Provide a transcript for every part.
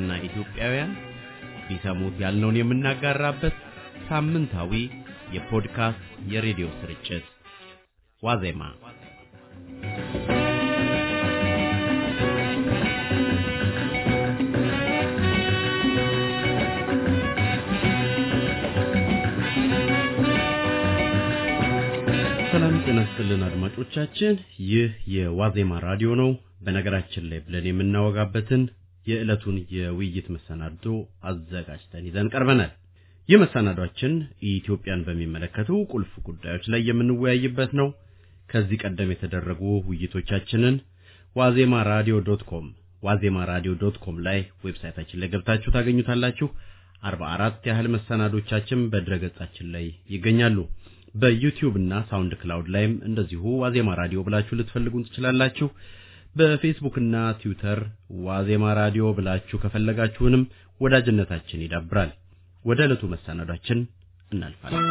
ኢትዮጵያና ኢትዮጵያውያን ቢሰሙት ያልነውን የምናጋራበት ሳምንታዊ የፖድካስት የሬዲዮ ስርጭት ዋዜማ ሰላም ጤና ይስጥልን አድማጮቻችን፣ ይህ የዋዜማ ራዲዮ ነው። በነገራችን ላይ ብለን የምናወጋበትን የዕለቱን የውይይት መሰናዶ አዘጋጅተን ይዘን ቀርበናል። ይህ መሰናዷችን ኢትዮጵያን በሚመለከቱ ቁልፍ ጉዳዮች ላይ የምንወያይበት ነው። ከዚህ ቀደም የተደረጉ ውይይቶቻችንን ዋዜማ ራዲዮ ዶት ኮም ዋዜማ ራዲዮ ዶት ኮም ላይ ዌብሳይታችን ላይ ገብታችሁ ታገኙታላችሁ። 44 ያህል መሰናዶቻችን በድረገጻችን ላይ ይገኛሉ። በዩቲዩብ እና ሳውንድ ክላውድ ላይም እንደዚሁ ዋዜማ ራዲዮ ብላችሁ ልትፈልጉን ትችላላችሁ። በፌስቡክና ትዊተር ዋዜማ ራዲዮ ብላችሁ ከፈለጋችሁንም ወዳጅነታችን ይዳብራል። ወደ ዕለቱ መሰናዷችን እናልፋለን።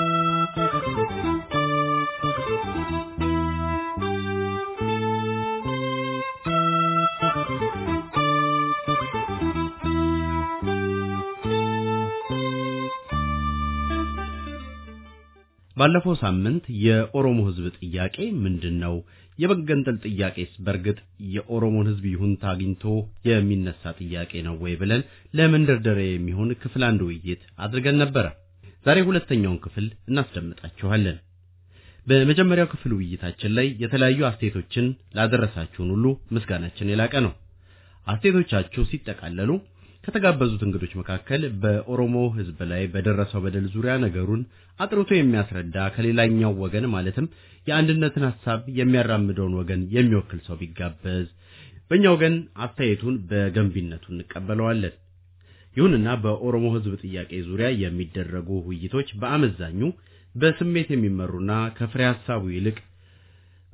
ባለፈው ሳምንት የኦሮሞ ህዝብ ጥያቄ ምንድን ነው? የመገንጠል ጥያቄስ በእርግጥ የኦሮሞን ህዝብ ይሁንታ አግኝቶ የሚነሳ ጥያቄ ነው ወይ ብለን ለመንደርደሪያ የሚሆን ክፍል አንድ ውይይት አድርገን ነበረ። ዛሬ ሁለተኛውን ክፍል እናስደምጣችኋለን። በመጀመሪያው ክፍል ውይይታችን ላይ የተለያዩ አስተያየቶችን ላደረሳችሁን ሁሉ ምስጋናችን የላቀ ነው። አስተያየቶቻችሁ ሲጠቃለሉ ከተጋበዙት እንግዶች መካከል በኦሮሞ ህዝብ ላይ በደረሰው በደል ዙሪያ ነገሩን አጥርቶ የሚያስረዳ ከሌላኛው ወገን ማለትም የአንድነትን ሀሳብ የሚያራምደውን ወገን የሚወክል ሰው ቢጋበዝ በእኛ ወገን አስተያየቱን በገንቢነቱ እንቀበለዋለን። ይሁንና በኦሮሞ ህዝብ ጥያቄ ዙሪያ የሚደረጉ ውይይቶች በአመዛኙ በስሜት የሚመሩና ከፍሬ ሀሳቡ ይልቅ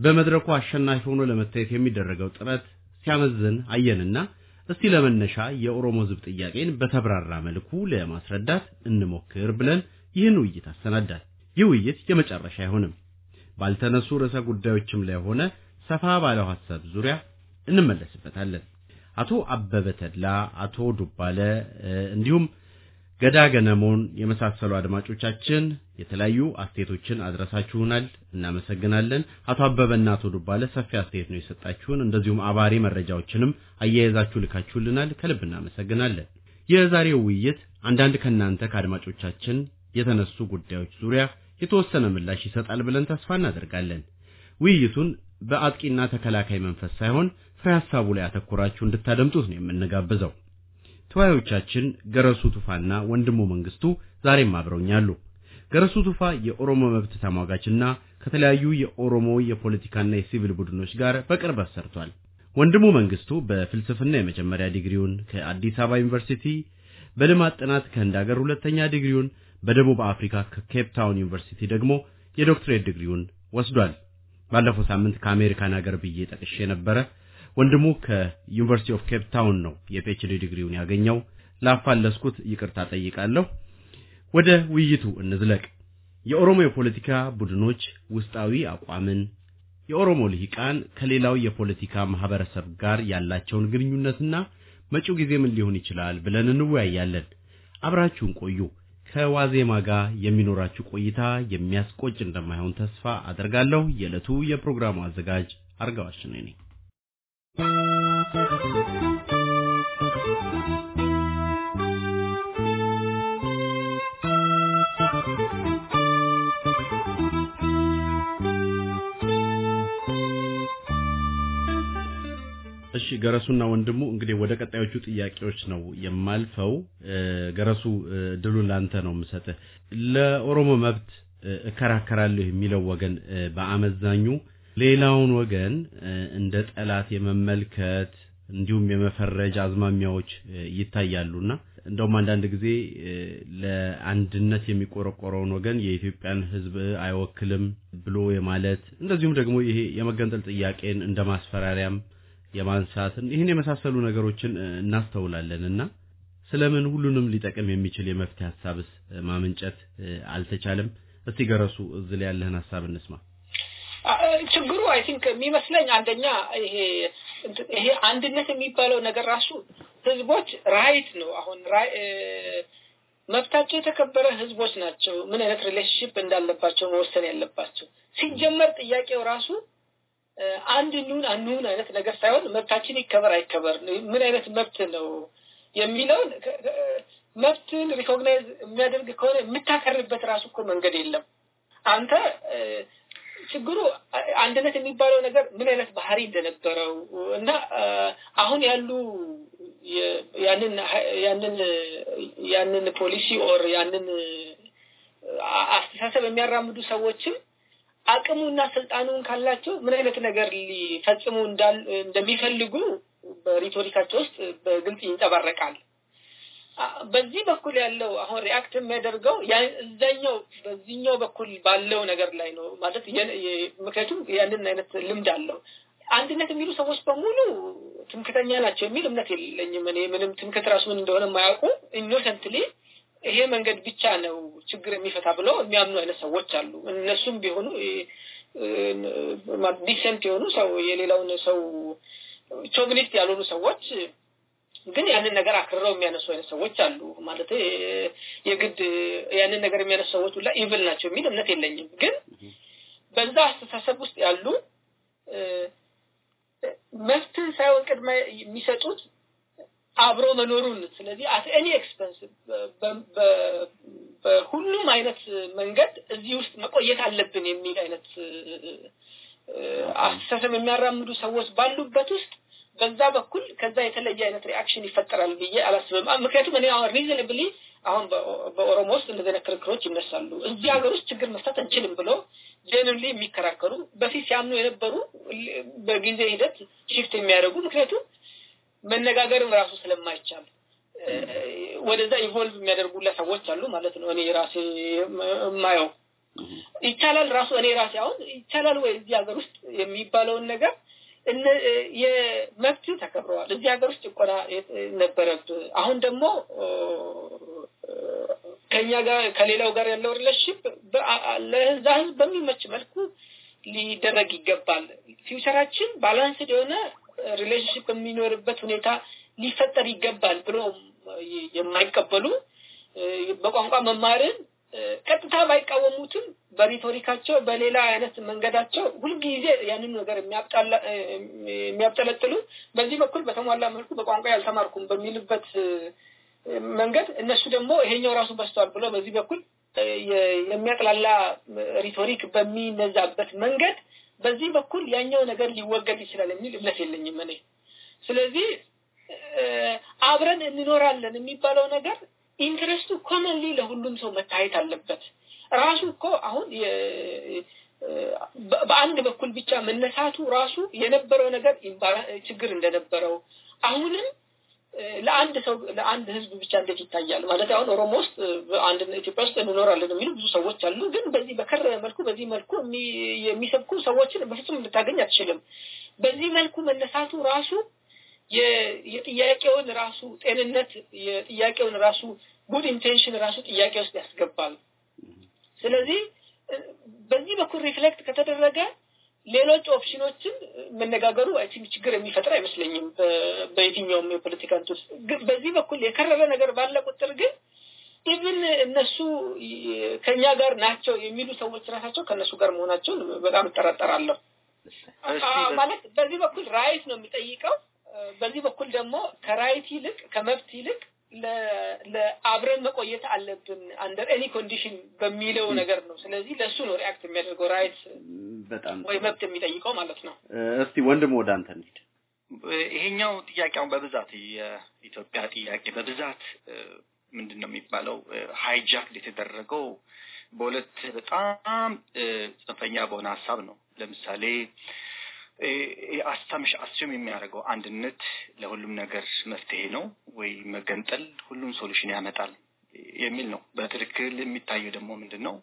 በመድረኩ አሸናፊ ሆኖ ለመታየት የሚደረገው ጥረት ሲያመዝን አየንና እስቲ ለመነሻ የኦሮሞ ህዝብ ጥያቄን በተብራራ መልኩ ለማስረዳት እንሞክር ብለን ይህን ውይይት አሰናዳል። ይህ ውይይት የመጨረሻ አይሆንም። ባልተነሱ ርዕሰ ጉዳዮችም ላይ ሆነ ሰፋ ባለው ሀሳብ ዙሪያ እንመለስበታለን። አቶ አበበ ተድላ፣ አቶ ዱባለ እንዲሁም ገዳ ገነሞን የመሳሰሉ አድማጮቻችን የተለያዩ አስተያየቶችን አድረሳችሁናል፣ እናመሰግናለን። አቶ አበበና አቶ ዱባለ ሰፊ አስተያየት ነው የሰጣችሁን። እንደዚሁም አባሪ መረጃዎችንም አያይዛችሁ ልካችሁልናል። ከልብ እናመሰግናለን። የዛሬው ውይይት አንዳንድ ከእናንተ ከአድማጮቻችን የተነሱ ጉዳዮች ዙሪያ የተወሰነ ምላሽ ይሰጣል ብለን ተስፋ እናደርጋለን። ውይይቱን በአጥቂና ተከላካይ መንፈስ ሳይሆን ፍሬ ሀሳቡ ላይ አተኩራችሁ እንድታደምጡት ነው የምንጋብዘው። ተወያዮቻችን ገረሱ ቱፋና ወንድሙ መንግስቱ ዛሬም አብረውኛሉ። ገረሱ ቱፋ የኦሮሞ መብት ተሟጋችና ከተለያዩ የኦሮሞ የፖለቲካና የሲቪል ቡድኖች ጋር በቅርበት ሰርቷል። ወንድሙ መንግስቱ በፍልስፍና የመጀመሪያ ዲግሪውን ከአዲስ አበባ ዩኒቨርሲቲ፣ በልማት ጥናት ከህንድ ሀገር ሁለተኛ ዲግሪውን፣ በደቡብ አፍሪካ ከኬፕ ታውን ዩኒቨርሲቲ ደግሞ የዶክትሬት ዲግሪውን ወስዷል። ባለፈው ሳምንት ከአሜሪካን ሀገር ብዬ ጠቅሼ ነበረ። ወንድሙ ከዩኒቨርሲቲ ኦፍ ኬፕ ታውን ነው የፒኤችዲ ዲግሪውን ያገኘው። ላፋለስኩት ይቅርታ ጠይቃለሁ። ወደ ውይይቱ እንዝለቅ። የኦሮሞ የፖለቲካ ቡድኖች ውስጣዊ አቋምን፣ የኦሮሞ ልሂቃን ከሌላው የፖለቲካ ማህበረሰብ ጋር ያላቸውን ግንኙነትና መጪው ጊዜ ምን ሊሆን ይችላል ብለን እንወያያለን። አብራችሁን ቆዩ። ከዋዜማ ጋር የሚኖራችሁ ቆይታ የሚያስቆጭ እንደማይሆን ተስፋ አደርጋለሁ። የዕለቱ የፕሮግራሙ አዘጋጅ አርጋዋሽ ነኝ። እሺ ገረሱና ወንድሙ እንግዲህ ወደ ቀጣዮቹ ጥያቄዎች ነው የማልፈው። ገረሱ ድሉን ላንተ ነው የምሰጥህ። ለኦሮሞ መብት እከራከራለሁ የሚለው ወገን በአመዛኙ ሌላውን ወገን እንደ ጠላት የመመልከት እንዲሁም የመፈረጅ አዝማሚያዎች ይታያሉና እንደውም አንዳንድ ጊዜ ለአንድነት የሚቆረቆረውን ወገን የኢትዮጵያን ሕዝብ አይወክልም ብሎ የማለት እንደዚሁም ደግሞ ይሄ የመገንጠል ጥያቄን እንደ ማስፈራሪያም የማንሳትን ይህን የመሳሰሉ ነገሮችን እናስተውላለንና ስለምን ሁሉንም ሊጠቅም የሚችል የመፍትሄ ሀሳብስ ማመንጨት አልተቻለም? እስቲ ገረሱ፣ እዚህ ላይ ያለህን ሀሳብ እንስማ። ችግሩ አይ ቲንክ የሚመስለኝ አንደኛ ይሄ ይሄ አንድነት የሚባለው ነገር ራሱ ህዝቦች ራይት ነው አሁን መብታቸው የተከበረ ህዝቦች ናቸው ምን አይነት ሪሌሽንሽፕ እንዳለባቸው መወሰን ያለባቸው ሲጀመር ጥያቄው ራሱ አንድ ኑን አንሁን አይነት ነገር ሳይሆን መብታችን ይከበር አይከበር ምን አይነት መብት ነው የሚለውን መብትን ሪኮግናይዝ የሚያደርግ ከሆነ የምታከርበት ራሱ እኮ መንገድ የለም አንተ ችግሩ አንድነት የሚባለው ነገር ምን አይነት ባህሪ እንደነበረው እና አሁን ያሉ ያንን ያንን ያንን ፖሊሲ ኦር ያንን አስተሳሰብ የሚያራምዱ ሰዎችም አቅሙና ስልጣኑን ካላቸው ምን አይነት ነገር ሊፈጽሙ እንደሚፈልጉ በሪቶሪካቸው ውስጥ በግልጽ ይንጸባረቃል። በዚህ በኩል ያለው አሁን ሪአክት የሚያደርገው እዛኛው በዚህኛው በኩል ባለው ነገር ላይ ነው ማለት ምክንያቱም ያንን አይነት ልምድ አለው አንድነት የሚሉ ሰዎች በሙሉ ትምክተኛ ናቸው የሚል እምነት የለኝም እኔ ምንም ትምክት ራሱ ምን እንደሆነ የማያውቁ ኢኖሰንትሊ ይሄ መንገድ ብቻ ነው ችግር የሚፈታ ብለው የሚያምኑ አይነት ሰዎች አሉ እነሱም ቢሆኑ ዲሰንት የሆኑ ሰው የሌላውን ሰው ቾግኒስት ያልሆኑ ሰዎች ግን ያንን ነገር አክርረው የሚያነሱ አይነት ሰዎች አሉ ማለት የግድ ያንን ነገር የሚያነሱ ሰዎች ሁላ ኢቭል ናቸው የሚል እምነት የለኝም ግን በዛ አስተሳሰብ ውስጥ ያሉ መፍትን ሳይሆን ቅድመ የሚሰጡት አብሮ መኖሩን ስለዚህ አት ኤኒ ኤክስፐንስ በሁሉም አይነት መንገድ እዚህ ውስጥ መቆየት አለብን የሚል አይነት አስተሳሰብ የሚያራምዱ ሰዎች ባሉበት ውስጥ በዛ በኩል ከዛ የተለየ አይነት ሪአክሽን ይፈጠራል ብዬ አላስብም። ምክንያቱም እኔ አሁን ሪዝንብሊ አሁን በኦሮሞ ውስጥ እንደዚህ አይነት ክርክሮች ይነሳሉ። እዚህ ሀገር ውስጥ ችግር መፍታት አንችልም ብሎ ጀንሊ የሚከራከሩ በፊት ሲያምኑ የነበሩ በጊዜ ሂደት ሽፍት የሚያደርጉ ምክንያቱም መነጋገርም ራሱ ስለማይቻል ወደዛ ኢቮልቭ የሚያደርጉላ ሰዎች አሉ ማለት ነው። እኔ ራሴ የማየው ይቻላል ራሱ እኔ ራሴ አሁን ይቻላል ወይ እዚህ ሀገር ውስጥ የሚባለውን ነገር የመብቱ ተከብረዋል። እዚህ ሀገር ውስጥ ጭቆና ነበረብ። አሁን ደግሞ ከኛ ጋር ከሌላው ጋር ያለው ሪሌሽንሽፕ ለዛ ህዝብ በሚመች መልኩ ሊደረግ ይገባል። ፊውቸራችን ባላንስድ የሆነ ሪሌሽንሽፕ የሚኖርበት ሁኔታ ሊፈጠር ይገባል ብሎ የማይቀበሉ በቋንቋ መማርን ቀጥታ ባይቃወሙትም በሪቶሪካቸው በሌላ አይነት መንገዳቸው ሁልጊዜ ያንን ነገር የሚያብጠለጥሉ በዚህ በኩል በተሟላ መልኩ በቋንቋ ያልተማርኩም በሚልበት መንገድ እነሱ ደግሞ ይሄኛው ራሱ በስተዋል ብሎ በዚህ በኩል የሚያቅላላ ሪቶሪክ በሚነዛበት መንገድ በዚህ በኩል ያኛው ነገር ሊወገድ ይችላል የሚል እምነት የለኝም እኔ። ስለዚህ አብረን እንኖራለን የሚባለው ነገር ኢንትረስቱ ኮመንሊ ለሁሉም ሰው መታየት አለበት። ራሱ እኮ አሁን በአንድ በኩል ብቻ መነሳቱ ራሱ የነበረው ነገር ችግር እንደነበረው አሁንም ለአንድ ሰው ለአንድ ህዝብ ብቻ እንዴት ይታያል ማለት አሁን ኦሮሞ ውስጥ አንድ ኢትዮጵያ ውስጥ እንኖራለን የሚሉ ብዙ ሰዎች አሉ። ግን በዚህ በከረረ መልኩ በዚህ መልኩ የሚሰብኩ ሰዎችን በፍጹም ልታገኝ አትችልም። በዚህ መልኩ መነሳቱ ራሱ የጥያቄውን ራሱ ጤንነት የጥያቄውን ራሱ ጉድ ኢንቴንሽን ራሱ ጥያቄ ውስጥ ያስገባል። ስለዚህ በዚህ በኩል ሪፍሌክት ከተደረገ ሌሎች ኦፕሽኖችን መነጋገሩ አይ ችግር የሚፈጥር አይመስለኝም። በየትኛውም የፖለቲካ እንትን በዚህ በኩል የከረረ ነገር ባለ ቁጥር ግን ኢቭን እነሱ ከኛ ጋር ናቸው የሚሉ ሰዎች ራሳቸው ከእነሱ ጋር መሆናቸውን በጣም እጠረጠራለሁ። ማለት በዚህ በኩል ራይት ነው የሚጠይቀው በዚህ በኩል ደግሞ ከራይት ይልቅ ከመብት ይልቅ ለአብረን መቆየት አለብን አንደር ኤኒ ኮንዲሽን በሚለው ነገር ነው። ስለዚህ ለእሱ ነው ሪያክት የሚያደርገው ራይት በጣም ወይ መብት የሚጠይቀው ማለት ነው። እስቲ ወንድም ወደ አንተ እንሂድ። ይሄኛው ጥያቄ በብዛት የኢትዮጵያ ጥያቄ በብዛት ምንድን ነው የሚባለው ሃይጃክ የተደረገው በሁለት በጣም ጽንፈኛ በሆነ ሀሳብ ነው። ለምሳሌ አስተምሽ አስም የሚያደርገው አንድነት ለሁሉም ነገር መፍትሄ ነው ወይ መገንጠል ሁሉም ሶሉሽን ያመጣል የሚል ነው። በትክክል የሚታየው ደግሞ ምንድን ነው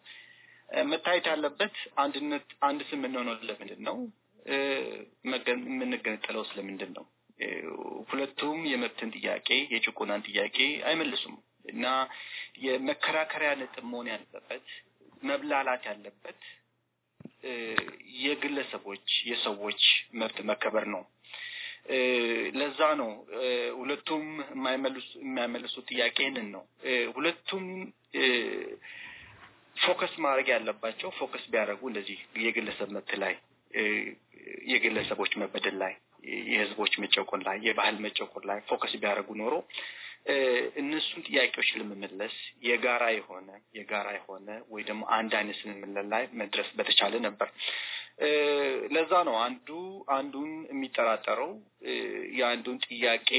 መታየት ያለበት? አንድነት አንድ ስም የምንሆነው ለምንድን ነው? የምንገነጠለው ስለምንድን ነው? ሁለቱም የመብትን ጥያቄ የጭቆናን ጥያቄ አይመልሱም እና የመከራከሪያ ነጥብ መሆን ያለበት መብላላት ያለበት የግለሰቦች የሰዎች መብት መከበር ነው። ለዛ ነው ሁለቱም የማይመልሱ ጥያቄንን ነው ሁለቱም ፎከስ ማድረግ ያለባቸው ፎከስ ቢያደርጉ እንደዚህ የግለሰብ መብት ላይ፣ የግለሰቦች መበደል ላይ፣ የህዝቦች መጨቆን ላይ፣ የባህል መጨቆን ላይ ፎከስ ቢያደርጉ ኖሮ እነሱን ጥያቄዎች ለመመለስ የጋራ የሆነ የጋራ የሆነ ወይ ደግሞ አንድ አይነት ስንምለን ላይ መድረስ በተቻለ ነበር። ለዛ ነው አንዱ አንዱን የሚጠራጠረው የአንዱን ጥያቄ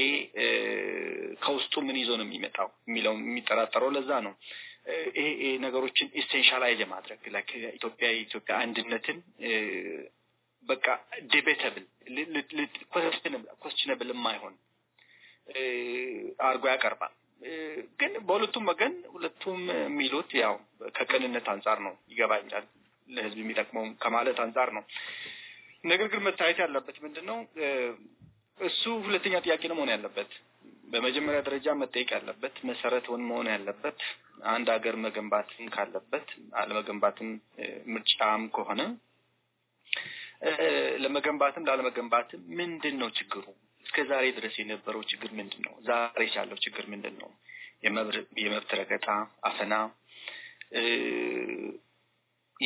ከውስጡ ምን ይዞ ነው የሚመጣው የሚለው የሚጠራጠረው ለዛ ነው። ይሄ ነገሮችን ኢሴንሻላይዝ የማድረግ ኢትዮጵያ የኢትዮጵያ አንድነትን በቃ ዲቤተብል ኮስችነብል የማይሆን አድርጎ ያቀርባል። ግን በሁለቱም ወገን ሁለቱም የሚሉት ያው ከቅንነት አንጻር ነው ይገባኛል፣ ለህዝብ የሚጠቅመው ከማለት አንጻር ነው። ነገር ግን መታየት ያለበት ምንድን ነው? እሱ ሁለተኛ ጥያቄ ነው መሆን ያለበት። በመጀመሪያ ደረጃ መጠየቅ ያለበት መሰረተውን መሆን ያለበት አንድ ሀገር መገንባትም ካለበት አለመገንባትም ምርጫም ከሆነ ለመገንባትም ላለመገንባትም ምንድን ነው ችግሩ እስከ ዛሬ ድረስ የነበረው ችግር ምንድን ነው? ዛሬ ያለው ችግር ምንድን ነው? የመብት ረገጣ፣ አፈና፣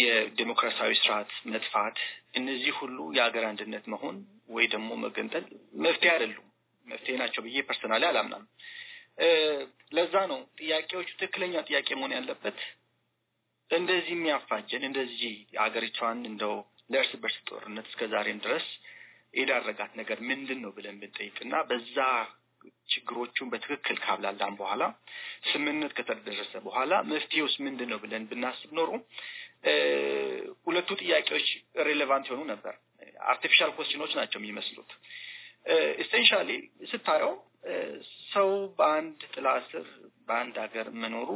የዴሞክራሲያዊ ስርዓት መጥፋት፣ እነዚህ ሁሉ የሀገር አንድነት መሆን ወይ ደግሞ መገንጠል መፍትሄ አይደሉም፣ መፍትሄ ናቸው ብዬ ፐርሰናሊ አላምናም። ለዛ ነው ጥያቄዎቹ ትክክለኛ ጥያቄ መሆን ያለበት እንደዚህ የሚያፋጀን እንደዚህ ሀገሪቷን እንደው ለእርስ በርስ ጦርነት እስከ ዛሬም ድረስ የዳረጋት ነገር ምንድን ነው ብለን ብንጠይቅና በዛ ችግሮቹን በትክክል ካብላላን በኋላ ስምምነት ከተደረሰ በኋላ መፍትሄውስ ምንድን ነው ብለን ብናስብ ኖሮ ሁለቱ ጥያቄዎች ሬሌቫንት የሆኑ ነበር። አርቲፊሻል ኮስቲኖች ናቸው የሚመስሉት። ኢሴንሻሊ ስታየው ሰው በአንድ ጥላ ስር በአንድ ሀገር መኖሩ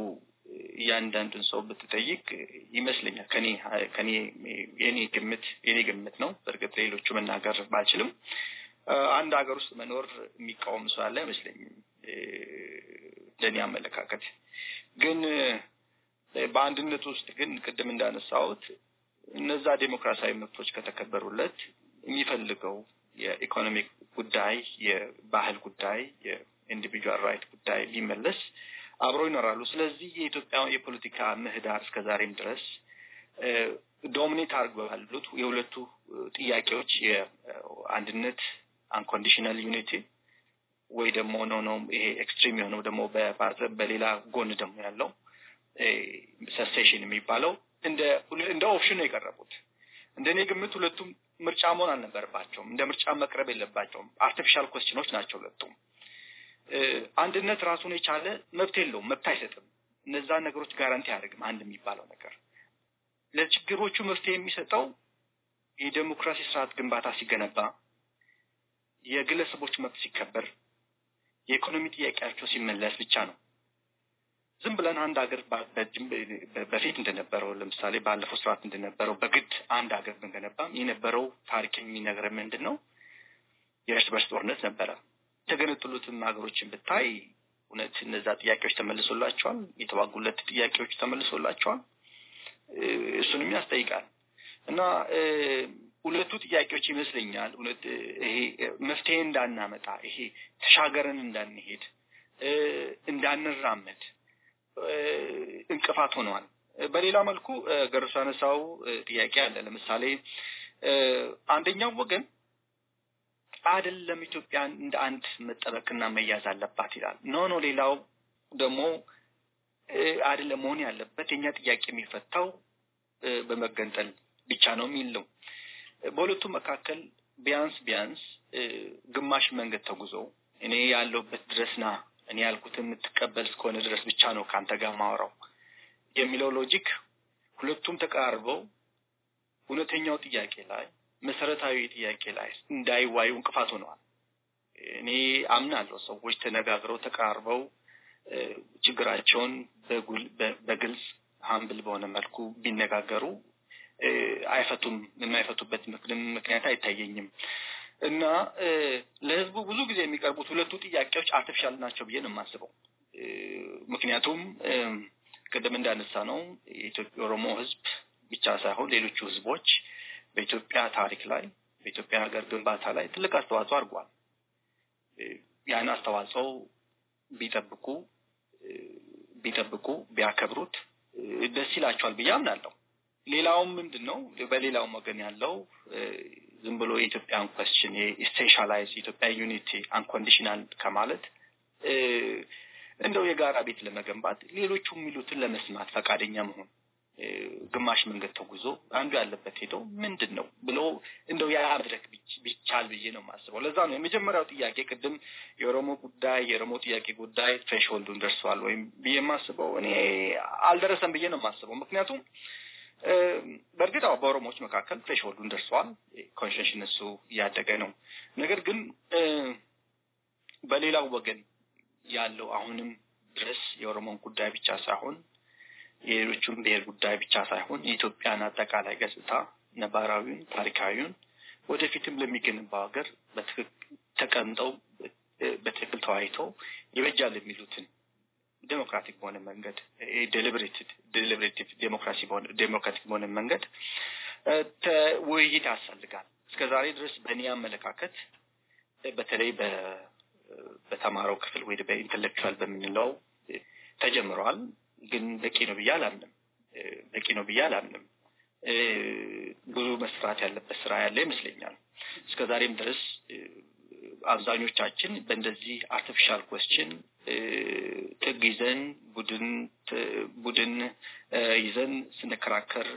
እያንዳንዱን ሰው ብትጠይቅ ይመስለኛል ከኔ ከኔ የኔ ግምት የኔ ግምት ነው። በእርግጥ ሌሎቹ መናገር ባልችልም አንድ ሀገር ውስጥ መኖር የሚቃወም ሰው አለ አይመስለኝም። ለእኔ አመለካከት ግን በአንድነት ውስጥ ግን ቅድም እንዳነሳሁት እነዛ ዴሞክራሲያዊ መብቶች ከተከበሩለት የሚፈልገው የኢኮኖሚክ ጉዳይ፣ የባህል ጉዳይ፣ የኢንዲቪጁዋል ራይት ጉዳይ ሊመለስ አብረው ይኖራሉ። ስለዚህ የኢትዮጵያ የፖለቲካ ምህዳር እስከዛሬም ድረስ ዶሚኔት አርግ ባሉት የሁለቱ ጥያቄዎች የአንድነት አንኮንዲሽናል ዩኒቲ ወይ ደግሞ ነው ነው ይሄ ኤክስትሪም የሆነው ደግሞ በሌላ ጎን ደግሞ ያለው ሰሴሽን የሚባለው እንደ ኦፕሽን ነው የቀረቡት። እንደ እኔ ግምት ሁለቱም ምርጫ መሆን አልነበረባቸውም። እንደ ምርጫ መቅረብ የለባቸውም። አርቲፊሻል ኮስችኖች ናቸው ሁለቱም። አንድነት ራሱን የቻለ መብት የለውም፣ መብት አይሰጥም። እነዛ ነገሮች ጋራንቲ አያደርግም። አንድ የሚባለው ነገር ለችግሮቹ መፍትሄ የሚሰጠው የዴሞክራሲ ስርዓት ግንባታ ሲገነባ፣ የግለሰቦች መብት ሲከበር፣ የኢኮኖሚ ጥያቄያቸው ሲመለስ ብቻ ነው። ዝም ብለን አንድ ሀገር በፊት እንደነበረው ለምሳሌ ባለፈው ስርዓት እንደነበረው በግድ አንድ ሀገር ብንገነባም የነበረው ታሪክ የሚነግረን ምንድን ነው? የእርስ በርስ ጦርነት ነበረ። የተገነጠሉትም ሀገሮችን ብታይ እውነት እነዛ ጥያቄዎች ተመልሶላቸዋል፣ የተዋጉለት ጥያቄዎች ተመልሶላቸዋል። እሱንም ያስጠይቃል እና ሁለቱ ጥያቄዎች ይመስለኛል እውነት ይሄ መፍትሄ እንዳናመጣ ይሄ ተሻገረን እንዳንሄድ እንዳንራመድ እንቅፋት ሆነዋል። በሌላ መልኩ ገርሱ ያነሳው ጥያቄ አለ። ለምሳሌ አንደኛው ወገን አይደለም ኢትዮጵያ እንደ አንድ መጠበቅና መያዝ አለባት ይላል። ኖ ኖ ሌላው ደግሞ አይደለም መሆን ያለበት የእኛ ጥያቄ የሚፈታው በመገንጠል ብቻ ነው የሚል ነው። በሁለቱ መካከል ቢያንስ ቢያንስ ግማሽ መንገድ ተጉዘው እኔ ያለሁበት ድረስና እኔ ያልኩትን የምትቀበል እስከሆነ ድረስ ብቻ ነው ከአንተ ጋር ማውራው የሚለው ሎጂክ ሁለቱም ተቀራርበው እውነተኛው ጥያቄ ላይ መሰረታዊ ጥያቄ ላይ እንዳይዋዩ እንቅፋት ሆነዋል። እኔ አምናለሁ ሰዎች ተነጋግረው ተቀራርበው ችግራቸውን በግልጽ ሀምብል በሆነ መልኩ ቢነጋገሩ አይፈቱም። የማይፈቱበት ምክንያት አይታየኝም። እና ለህዝቡ ብዙ ጊዜ የሚቀርቡት ሁለቱ ጥያቄዎች አርቲፊሻል ናቸው ብዬ ነው የማስበው። ምክንያቱም ቅድም እንዳነሳ ነው የኢትዮጵያ ኦሮሞ ህዝብ ብቻ ሳይሆን ሌሎቹ ህዝቦች በኢትዮጵያ ታሪክ ላይ በኢትዮጵያ ሀገር ግንባታ ላይ ትልቅ አስተዋጽኦ አድርጓል። ያን አስተዋጽኦ ቢጠብቁ ቢጠብቁ ቢያከብሩት ደስ ይላቸዋል ብዬ አምናለሁ። ሌላውም ምንድን ነው በሌላውም ወገን ያለው ዝም ብሎ የኢትዮጵያን ኮስችን ስፔሻላይዝ ኢትዮጵያ ዩኒቲ አንኮንዲሽናል ከማለት እንደው የጋራ ቤት ለመገንባት ሌሎቹ የሚሉትን ለመስማት ፈቃደኛ መሆን ግማሽ መንገድ ተጉዞ አንዱ ያለበት ሄዶ ምንድን ነው ብሎ እንደው ያ መድረክ ቢቻል ብዬ ነው የማስበው። ለዛ ነው የመጀመሪያው ጥያቄ ቅድም የኦሮሞ ጉዳይ የኦሮሞ ጥያቄ ጉዳይ ትሬሽሆልዱን ደርሰዋል ወይም ብዬ የማስበው እኔ አልደረሰም ብዬ ነው የማስበው። ምክንያቱም በእርግጥ በኦሮሞዎች መካከል ትሬሽሆልዱን ደርሰዋል። ኮንሸንሽን እሱ እያደገ ነው። ነገር ግን በሌላው ወገን ያለው አሁንም ድረስ የኦሮሞን ጉዳይ ብቻ ሳይሆን የሌሎቹን ብሔር ጉዳይ ብቻ ሳይሆን የኢትዮጵያን አጠቃላይ ገጽታ ነባራዊውን፣ ታሪካዊውን ወደፊትም ለሚገነባው ሀገር በትክክል ተቀምጠው በትክክል ተወያይተው ይበጃል የሚሉትን ዴሞክራቲክ በሆነ መንገድ ዴሊብሬትድ ዴሊብሬቲቭ ዴሞክራሲ በሆነ ዴሞክራቲክ በሆነ መንገድ ውይይት ያስፈልጋል። እስከ ዛሬ ድረስ በእኔ አመለካከት በተለይ በተማረው ክፍል ወይ በኢንተሌክቹዋል በምንለው ተጀምረዋል። ግን በቂ ነው ብዬ አላምንም። በቂ ነው ብዬ አላምንም። ብዙ መስራት ያለበት ስራ ያለ ይመስለኛል። እስከ ዛሬም ድረስ አብዛኞቻችን በእንደዚህ አርቲፊሻል ኮስችን ጥግ ይዘን ቡድን ቡድን ይዘን ስንከራከር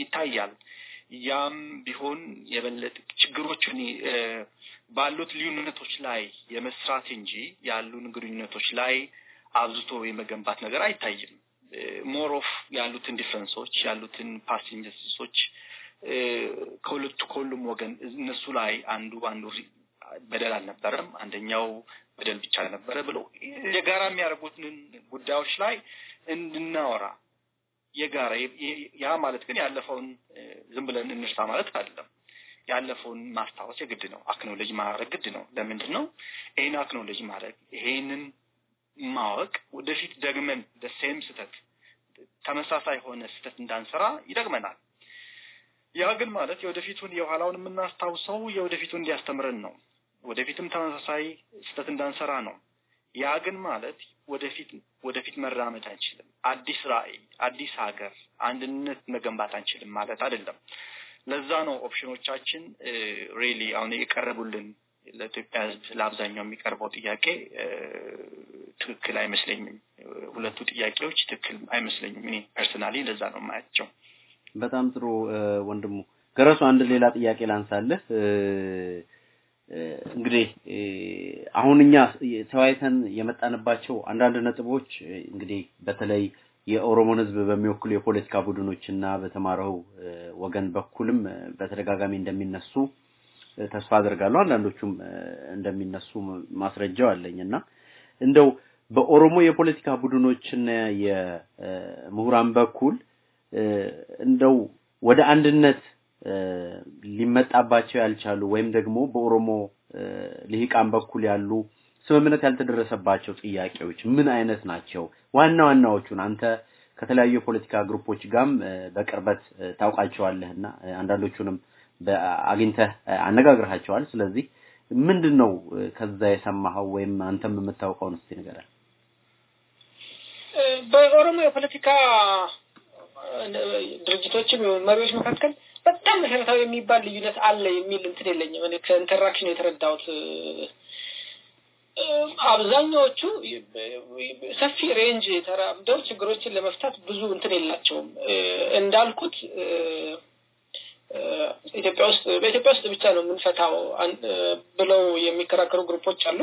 ይታያል። ያም ቢሆን የበለጥ ችግሮችን ባሉት ልዩነቶች ላይ የመስራት እንጂ ያሉን ግንኙነቶች ላይ አብዝቶ የመገንባት ነገር አይታይም። ሞር ኦፍ ያሉትን ዲፈረንሶች ያሉትን ፓሲንጀርሶች ከሁለቱ ከሁሉም ወገን እነሱ ላይ አንዱ አንዱ በደል አልነበረም፣ አንደኛው በደል ብቻ አልነበረ ብለው የጋራ የሚያደርጉትን ጉዳዮች ላይ እንድናወራ የጋራ ያ ማለት ግን ያለፈውን ዝም ብለን እንርሳ ማለት አይደለም። ያለፈውን ማስታወስ የግድ ነው። አክኖሎጂ ማድረግ ግድ ነው። ለምንድን ነው ይህን አክኖሎጂ ማድረግ ይሄንን ማወቅ ወደፊት ደግመን ደሴም ስህተት ተመሳሳይ የሆነ ስህተት እንዳንሰራ ይጠቅመናል። ያ ግን ማለት የወደፊቱን የኋላውን የምናስታውሰው የወደፊቱን እንዲያስተምረን ነው። ወደፊትም ተመሳሳይ ስህተት እንዳንሰራ ነው። ያ ግን ማለት ወደፊት ወደፊት መራመድ አንችልም። አዲስ ራዕይ፣ አዲስ ሀገር፣ አንድነት መገንባት አንችልም ማለት አይደለም። ለዛ ነው ኦፕሽኖቻችን ሪሊ አሁን የቀረቡልን ለኢትዮጵያ ሕዝብ ለአብዛኛው የሚቀርበው ጥያቄ ትክክል አይመስለኝም። ሁለቱ ጥያቄዎች ትክክል አይመስለኝም። እኔ ፐርሰናሊ ለዛ ነው የማያቸው። በጣም ጥሩ ወንድሙ ገረሱ፣ አንድ ሌላ ጥያቄ ላንሳልህ። እንግዲህ አሁን እኛ ተወያይተን የመጣንባቸው አንዳንድ ነጥቦች እንግዲህ በተለይ የኦሮሞን ህዝብ በሚወክሉ የፖለቲካ ቡድኖች እና በተማረው ወገን በኩልም በተደጋጋሚ እንደሚነሱ ተስፋ አደርጋለሁ። አንዳንዶቹም እንደሚነሱ ማስረጃው አለኝ እና እንደው በኦሮሞ የፖለቲካ ቡድኖችና የምሁራን በኩል እንደው ወደ አንድነት ሊመጣባቸው ያልቻሉ ወይም ደግሞ በኦሮሞ ልሂቃን በኩል ያሉ ስምምነት ያልተደረሰባቸው ጥያቄዎች ምን አይነት ናቸው? ዋና ዋናዎቹን አንተ ከተለያዩ የፖለቲካ ግሩፖች ጋርም በቅርበት ታውቃቸዋለህና አንዳንዶቹንም አግኝተህ አነጋግረሃቸዋል። ስለዚህ ምንድን ነው ከዛ የሰማኸው ወይም አንተም የምታውቀውን እስቲ ንገረን። በኦሮሞ የፖለቲካ ድርጅቶችም መሪዎች መካከል በጣም መሰረታዊ የሚባል ልዩነት አለ የሚል እንትን የለኝም። እኔ ከኢንተራክሽን የተረዳሁት አብዛኛዎቹ ሰፊ ሬንጅ ተራምደው ችግሮችን ለመፍታት ብዙ እንትን የላቸውም። እንዳልኩት ኢትዮጵያ ውስጥ በኢትዮጵያ ውስጥ ብቻ ነው የምንፈታው ብለው የሚከራከሩ ግሩፖች አሉ።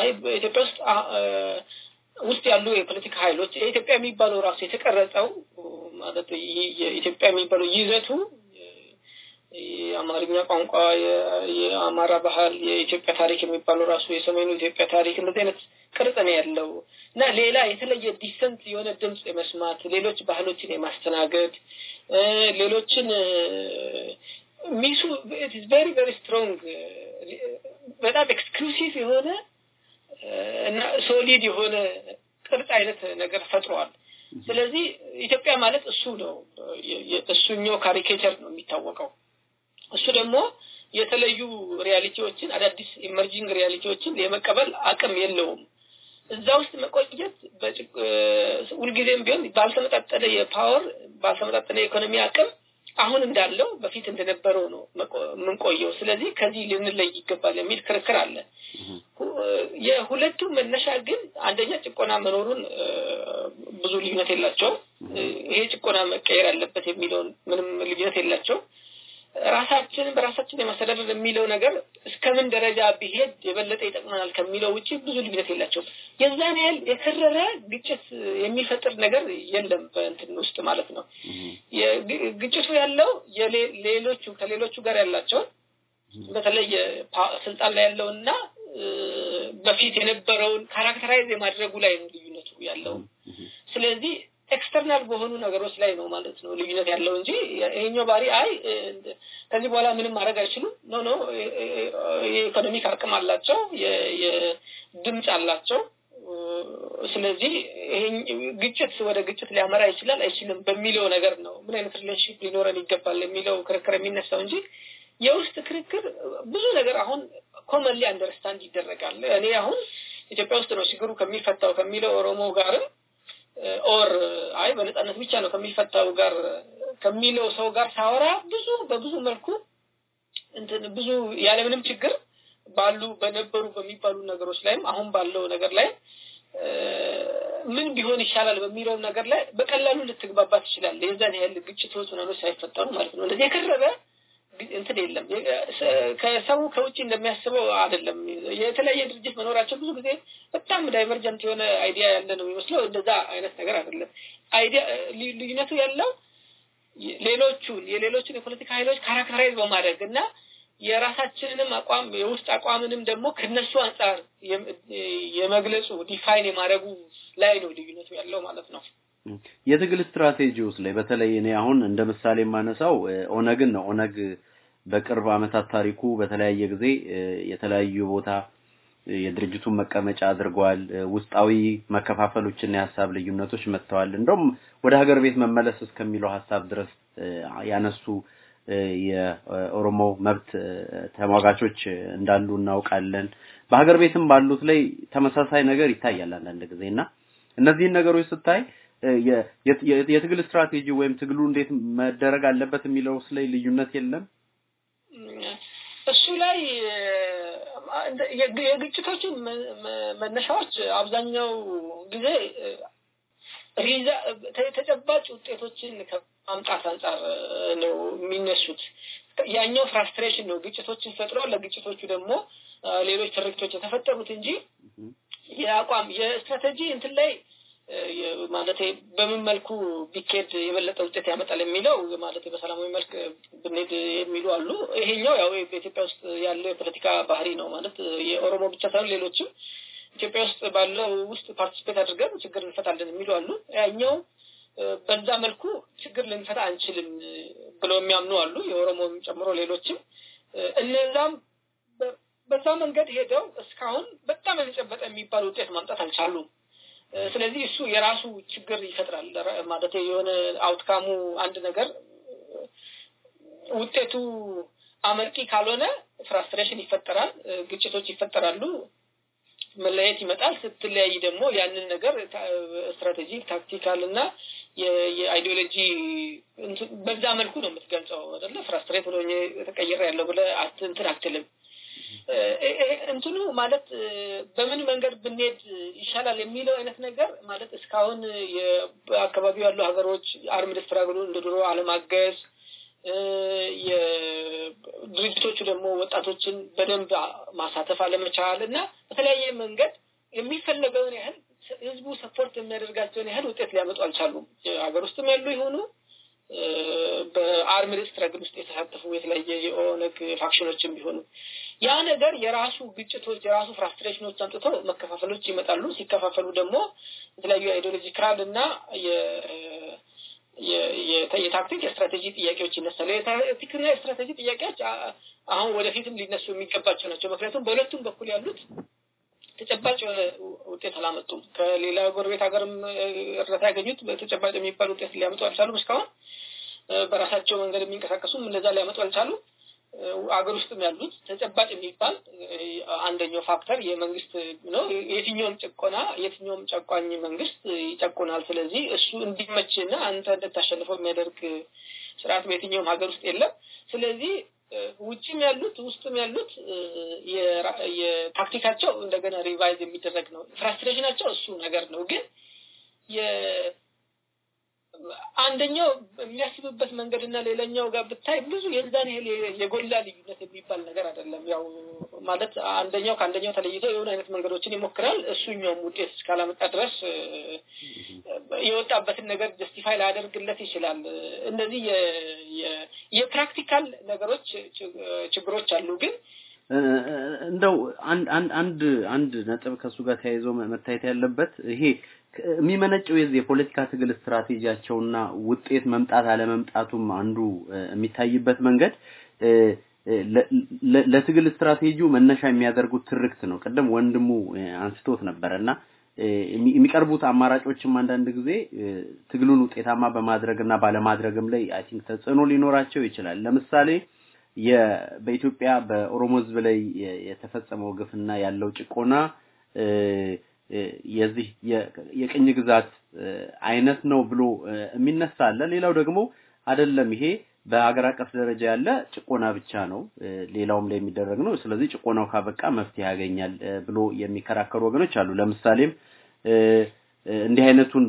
አይ በኢትዮጵያ ውስጥ ውስጥ ያሉ የፖለቲካ ኃይሎች የኢትዮጵያ የሚባለው ራሱ የተቀረጸው ማለት የኢትዮጵያ የሚባለው ይዘቱ የአማርኛ ቋንቋ፣ የአማራ ባህል፣ የኢትዮጵያ ታሪክ የሚባለው ራሱ የሰሜኑ ኢትዮጵያ ታሪክ እንደዚህ አይነት ቅርጽ ነው ያለው እና ሌላ የተለየ ዲሰንት የሆነ ድምፅ የመስማት ሌሎች ባህሎችን የማስተናገድ ሌሎችን ሚሱ ቬሪ ቬሪ ስትሮንግ በጣም ኤክስክሉሲቭ የሆነ እና ሶሊድ የሆነ ቅርጽ አይነት ነገር ፈጥሯል። ስለዚህ ኢትዮጵያ ማለት እሱ ነው። እሱኛው ካሪኬቸር ነው የሚታወቀው። እሱ ደግሞ የተለዩ ሪያሊቲዎችን አዳዲስ ኢመርጂንግ ሪያሊቲዎችን የመቀበል አቅም የለውም። እዛ ውስጥ መቆየት ሁልጊዜም ቢሆን ባልተመጣጠነ የፓወር ባልተመጣጠነ የኢኮኖሚ አቅም አሁን እንዳለው በፊት እንደነበረው ነው የምንቆየው። ስለዚህ ከዚህ ልንለይ ይገባል የሚል ክርክር አለ። የሁለቱ መነሻ ግን አንደኛ ጭቆና መኖሩን ብዙ ልዩነት የላቸውም። ይሄ ጭቆና መቀየር አለበት የሚለውን ምንም ልዩነት የላቸው። ራሳችንን በራሳችን የማስተዳደር የሚለው ነገር እስከምን ደረጃ ቢሄድ የበለጠ ይጠቅመናል ከሚለው ውጭ ብዙ ልዩነት የላቸውም። የዛን ያህል የከረረ ግጭት የሚፈጥር ነገር የለም በእንትን ውስጥ ማለት ነው። ግጭቱ ያለው ሌሎቹ ከሌሎቹ ጋር ያላቸውን በተለይ ስልጣን ላይ ያለውና በፊት የነበረውን ካራክተራይዝ የማድረጉ ላይ ነው ልዩነቱ ያለው። ስለዚህ ኤክስተርናል በሆኑ ነገሮች ላይ ነው ማለት ነው ልዩነት ያለው እንጂ ይሄኛው ባህሪ አይ ከዚህ በኋላ ምንም ማድረግ አይችሉም ኖ ኖ የኢኮኖሚክ አቅም አላቸው የድምፅ አላቸው ስለዚህ ግጭት ወደ ግጭት ሊያመራ ይችላል አይችልም በሚለው ነገር ነው ምን አይነት ሪሌሽንሽፕ ሊኖረን ይገባል የሚለው ክርክር የሚነሳው እንጂ የውስጥ ክርክር ብዙ ነገር አሁን ኮመንሊ አንደርስታንድ ይደረጋል እኔ አሁን ኢትዮጵያ ውስጥ ነው ችግሩ ከሚፈታው ከሚለው ኦሮሞ ጋርም ኦር አይ በነጻነት ብቻ ነው ከሚፈታው ጋር ከሚለው ሰው ጋር ሳወራ ብዙ በብዙ መልኩ ብዙ ያለምንም ችግር ባሉ በነበሩ በሚባሉ ነገሮች ላይም አሁን ባለው ነገር ላይ ምን ቢሆን ይሻላል በሚለው ነገር ላይ በቀላሉ ልትግባባ ይችላል የዛን ያህል ግጭት ወት ሳይፈጠሩ ማለት ነው። እንደዚህ የቀረበ እንትን የለም። ከሰው ከውጭ እንደሚያስበው አይደለም። የተለያየ ድርጅት መኖራቸው ብዙ ጊዜ በጣም ዳይቨርጀንት የሆነ አይዲያ ያለ ነው የሚመስለው። እንደዛ አይነት ነገር አይደለም። አይዲያ ልዩነቱ ያለው ሌሎቹን የሌሎቹን የፖለቲካ ኃይሎች ካራክተራይዝ በማድረግ እና የራሳችንንም አቋም የውስጥ አቋምንም ደግሞ ከነሱ አንጻር የመግለጹ ዲፋይን የማድረጉ ላይ ነው ልዩነቱ ያለው ማለት ነው። የትግል ስትራቴጂ ውስጥ ላይ በተለይ እኔ አሁን እንደ ምሳሌ የማነሳው ኦነግን ነው። ኦነግ በቅርብ ዓመታት ታሪኩ በተለያየ ጊዜ የተለያዩ ቦታ የድርጅቱን መቀመጫ አድርጓል። ውስጣዊ መከፋፈሎችና የሀሳብ ልዩነቶች መጥተዋል። እንደውም ወደ ሀገር ቤት መመለስ እስከሚለው ሀሳብ ድረስ ያነሱ የኦሮሞ መብት ተሟጋቾች እንዳሉ እናውቃለን። በሀገር ቤትም ባሉት ላይ ተመሳሳይ ነገር ይታያል አንዳንድ ጊዜ እና እነዚህን ነገሮች ስታይ የትግል ስትራቴጂ ወይም ትግሉ እንዴት መደረግ አለበት የሚለው ላይ ልዩነት የለም። እሱ ላይ የግጭቶችን መነሻዎች አብዛኛው ጊዜ ተጨባጭ ውጤቶችን ከማምጣት አንጻር ነው የሚነሱት። ያኛው ፍራስትሬሽን ነው ግጭቶችን ፈጥሮ ለግጭቶቹ ደግሞ ሌሎች ትርክቶች የተፈጠሩት እንጂ የአቋም የስትራቴጂ እንትን ላይ ማለት በምን መልኩ ቢኬድ የበለጠ ውጤት ያመጣል የሚለው ማለት በሰላማዊ መልክ ብንሄድ የሚሉ አሉ። ይሄኛው ያው በኢትዮጵያ ውስጥ ያለው የፖለቲካ ባህሪ ነው ማለት የኦሮሞ ብቻ ሳይሆን ሌሎችም ኢትዮጵያ ውስጥ ባለው ውስጥ ፓርቲስፔት አድርገን ችግር እንፈታለን የሚሉ አሉ። ያኛው በዛ መልኩ ችግር ልንፈታ አንችልም ብለው የሚያምኑ አሉ፣ የኦሮሞም ጨምሮ ሌሎችም። እነዛም በዛ መንገድ ሄደው እስካሁን በጣም የተጨበጠ የሚባል ውጤት ማምጣት አልቻሉም። ስለዚህ እሱ የራሱ ችግር ይፈጥራል። ማለት የሆነ አውትካሙ አንድ ነገር ውጤቱ አመርቂ ካልሆነ ፍራስትሬሽን ይፈጠራል፣ ግጭቶች ይፈጠራሉ፣ መለየት ይመጣል። ስትለያይ ደግሞ ያንን ነገር ስትራቴጂ ታክቲካል እና የአይዲዮሎጂ በዛ መልኩ ነው የምትገልጸው አይደለ? ፍራስትሬት ብሎ ተቀይረ ያለው ብለ እንትን አትልም። እንትኑ ማለት በምን መንገድ ብንሄድ ይሻላል የሚለው አይነት ነገር ማለት እስካሁን አካባቢው ያሉ ሀገሮች አርምድ ስትራግሉ እንደ ድሮ አለማገዝ የድርጅቶቹ ደግሞ ወጣቶችን በደንብ ማሳተፍ አለመቻል እና በተለያየ መንገድ የሚፈለገውን ያህል ህዝቡ ሰፖርት የሚያደርጋቸውን ያህል ውጤት ሊያመጡ አልቻሉም። ሀገር ውስጥም ያሉ የሆኑ በአርምድ ስትራግል ውስጥ የተሳተፉ የተለያየ የኦነግ ፋክሽኖችም ቢሆኑ ያ ነገር የራሱ ግጭቶች የራሱ ፍራስትሬሽኖች አምጥቶ መከፋፈሎች ይመጣሉ። ሲከፋፈሉ ደግሞ የተለያዩ የአይዲዮሎጂካል እና የታክቲክ የስትራቴጂ ጥያቄዎች ይነሳሉ። የታክቲክና የስትራቴጂ ጥያቄዎች አሁን ወደፊትም ሊነሱ የሚገባቸው ናቸው። ምክንያቱም በሁለቱም በኩል ያሉት ተጨባጭ ውጤት አላመጡም። ከሌላ ጎረቤት ሀገርም እርዳታ ያገኙት ተጨባጭ የሚባል ውጤት ሊያመጡ አልቻሉም። እስካሁን በራሳቸው መንገድ የሚንቀሳቀሱም እንደዛ ሊያመጡ አልቻሉም። አገር ውስጥም ያሉት ተጨባጭ የሚባል አንደኛው ፋክተር የመንግስት ነው። የትኛውም ጭቆና የትኛውም ጨቋኝ መንግስት ይጨቁናል። ስለዚህ እሱ እንዲመችና አንተ እንድታሸንፈው የሚያደርግ ስርዓት በየትኛውም ሀገር ውስጥ የለም። ስለዚህ ውጭም ያሉት ውስጥም ያሉት የታክቲካቸው እንደገና ሪቫይዝ የሚደረግ ነው። ፍራስትሬሽናቸው እሱ ነገር ነው ግን አንደኛው የሚያስብበት መንገድና ሌላኛው ጋር ብታይ ብዙ የዛን ያህል የጎላ ልዩነት የሚባል ነገር አይደለም። ያው ማለት አንደኛው ከአንደኛው ተለይቶ የሆነ አይነት መንገዶችን ይሞክራል። እሱኛውም ውጤት እስካላመጣ ድረስ የወጣበትን ነገር ጀስቲፋይ ላያደርግለት ይችላል። እነዚህ የፕራክቲካል ነገሮች ችግሮች አሉ ግን እንደው አንድ አንድ አንድ ነጥብ ከእሱ ጋር ተያይዞ መታየት ያለበት ይሄ የሚመነጨው የዚህ የፖለቲካ ትግል ስትራቴጂያቸውና ውጤት መምጣት አለመምጣቱም አንዱ የሚታይበት መንገድ ለትግል ስትራቴጂው መነሻ የሚያደርጉት ትርክት ነው። ቅድም ወንድሙ አንስቶት ነበረ እና የሚቀርቡት አማራጮችም አንዳንድ ጊዜ ትግሉን ውጤታማ በማድረግና ባለማድረግም ላይ አይ ቲንክ ተጽዕኖ ሊኖራቸው ይችላል። ለምሳሌ በኢትዮጵያ በኦሮሞ ሕዝብ ላይ የተፈጸመው ግፍና ያለው ጭቆና የዚህ የቅኝ ግዛት አይነት ነው ብሎ የሚነሳ አለ። ሌላው ደግሞ አይደለም ይሄ በሀገር አቀፍ ደረጃ ያለ ጭቆና ብቻ ነው፣ ሌላውም ላይ የሚደረግ ነው። ስለዚህ ጭቆናው ካበቃ መፍትሄ ያገኛል ብሎ የሚከራከሩ ወገኖች አሉ። ለምሳሌም እንዲህ አይነቱን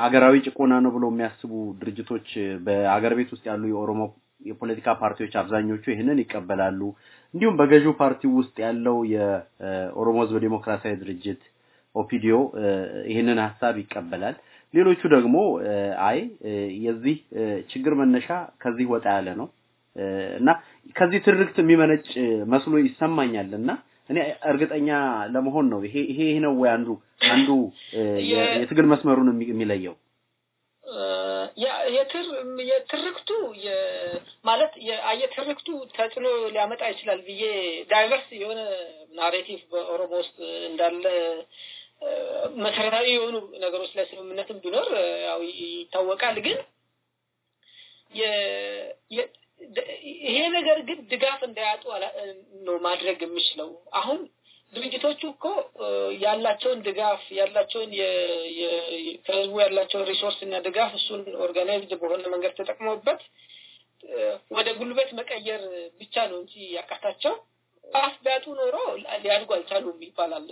ሀገራዊ ጭቆና ነው ብሎ የሚያስቡ ድርጅቶች በሀገር ቤት ውስጥ ያሉ የኦሮሞ የፖለቲካ ፓርቲዎች አብዛኞቹ ይህንን ይቀበላሉ። እንዲሁም በገዢው ፓርቲ ውስጥ ያለው የኦሮሞ ህዝብ ዴሞክራሲያዊ ድርጅት ኦፒዲዮ ይህንን ሀሳብ ይቀበላል። ሌሎቹ ደግሞ አይ የዚህ ችግር መነሻ ከዚህ ወጣ ያለ ነው እና ከዚህ ትርክት የሚመነጭ መስሎ ይሰማኛል እና እኔ እርግጠኛ ለመሆን ነው ይሄ ይሄ ነው ወይ አንዱ አንዱ የትግል መስመሩን የሚለየው የትርክቱ ማለት የትርክቱ ተጽዕኖ ሊያመጣ ይችላል ብዬ ዳይቨርስ የሆነ ናሬቲቭ በኦሮሞ ውስጥ እንዳለ መሰረታዊ የሆኑ ነገሮች ላይ ስምምነትም ቢኖር ያው ይታወቃል። ግን ይሄ ነገር ግን ድጋፍ እንዳያጡ ነው ማድረግ የሚችለው አሁን ድርጅቶቹ እኮ ያላቸውን ድጋፍ ያላቸውን ከህዝቡ ያላቸውን ሪሶርስ እና ድጋፍ እሱን ኦርጋናይዝድ በሆነ መንገድ ተጠቅመውበት ወደ ጉልበት መቀየር ብቻ ነው እንጂ ያቃታቸው አፍ ቢያጡ ኖሮ ሊያድጉ አልቻሉም ይባላል።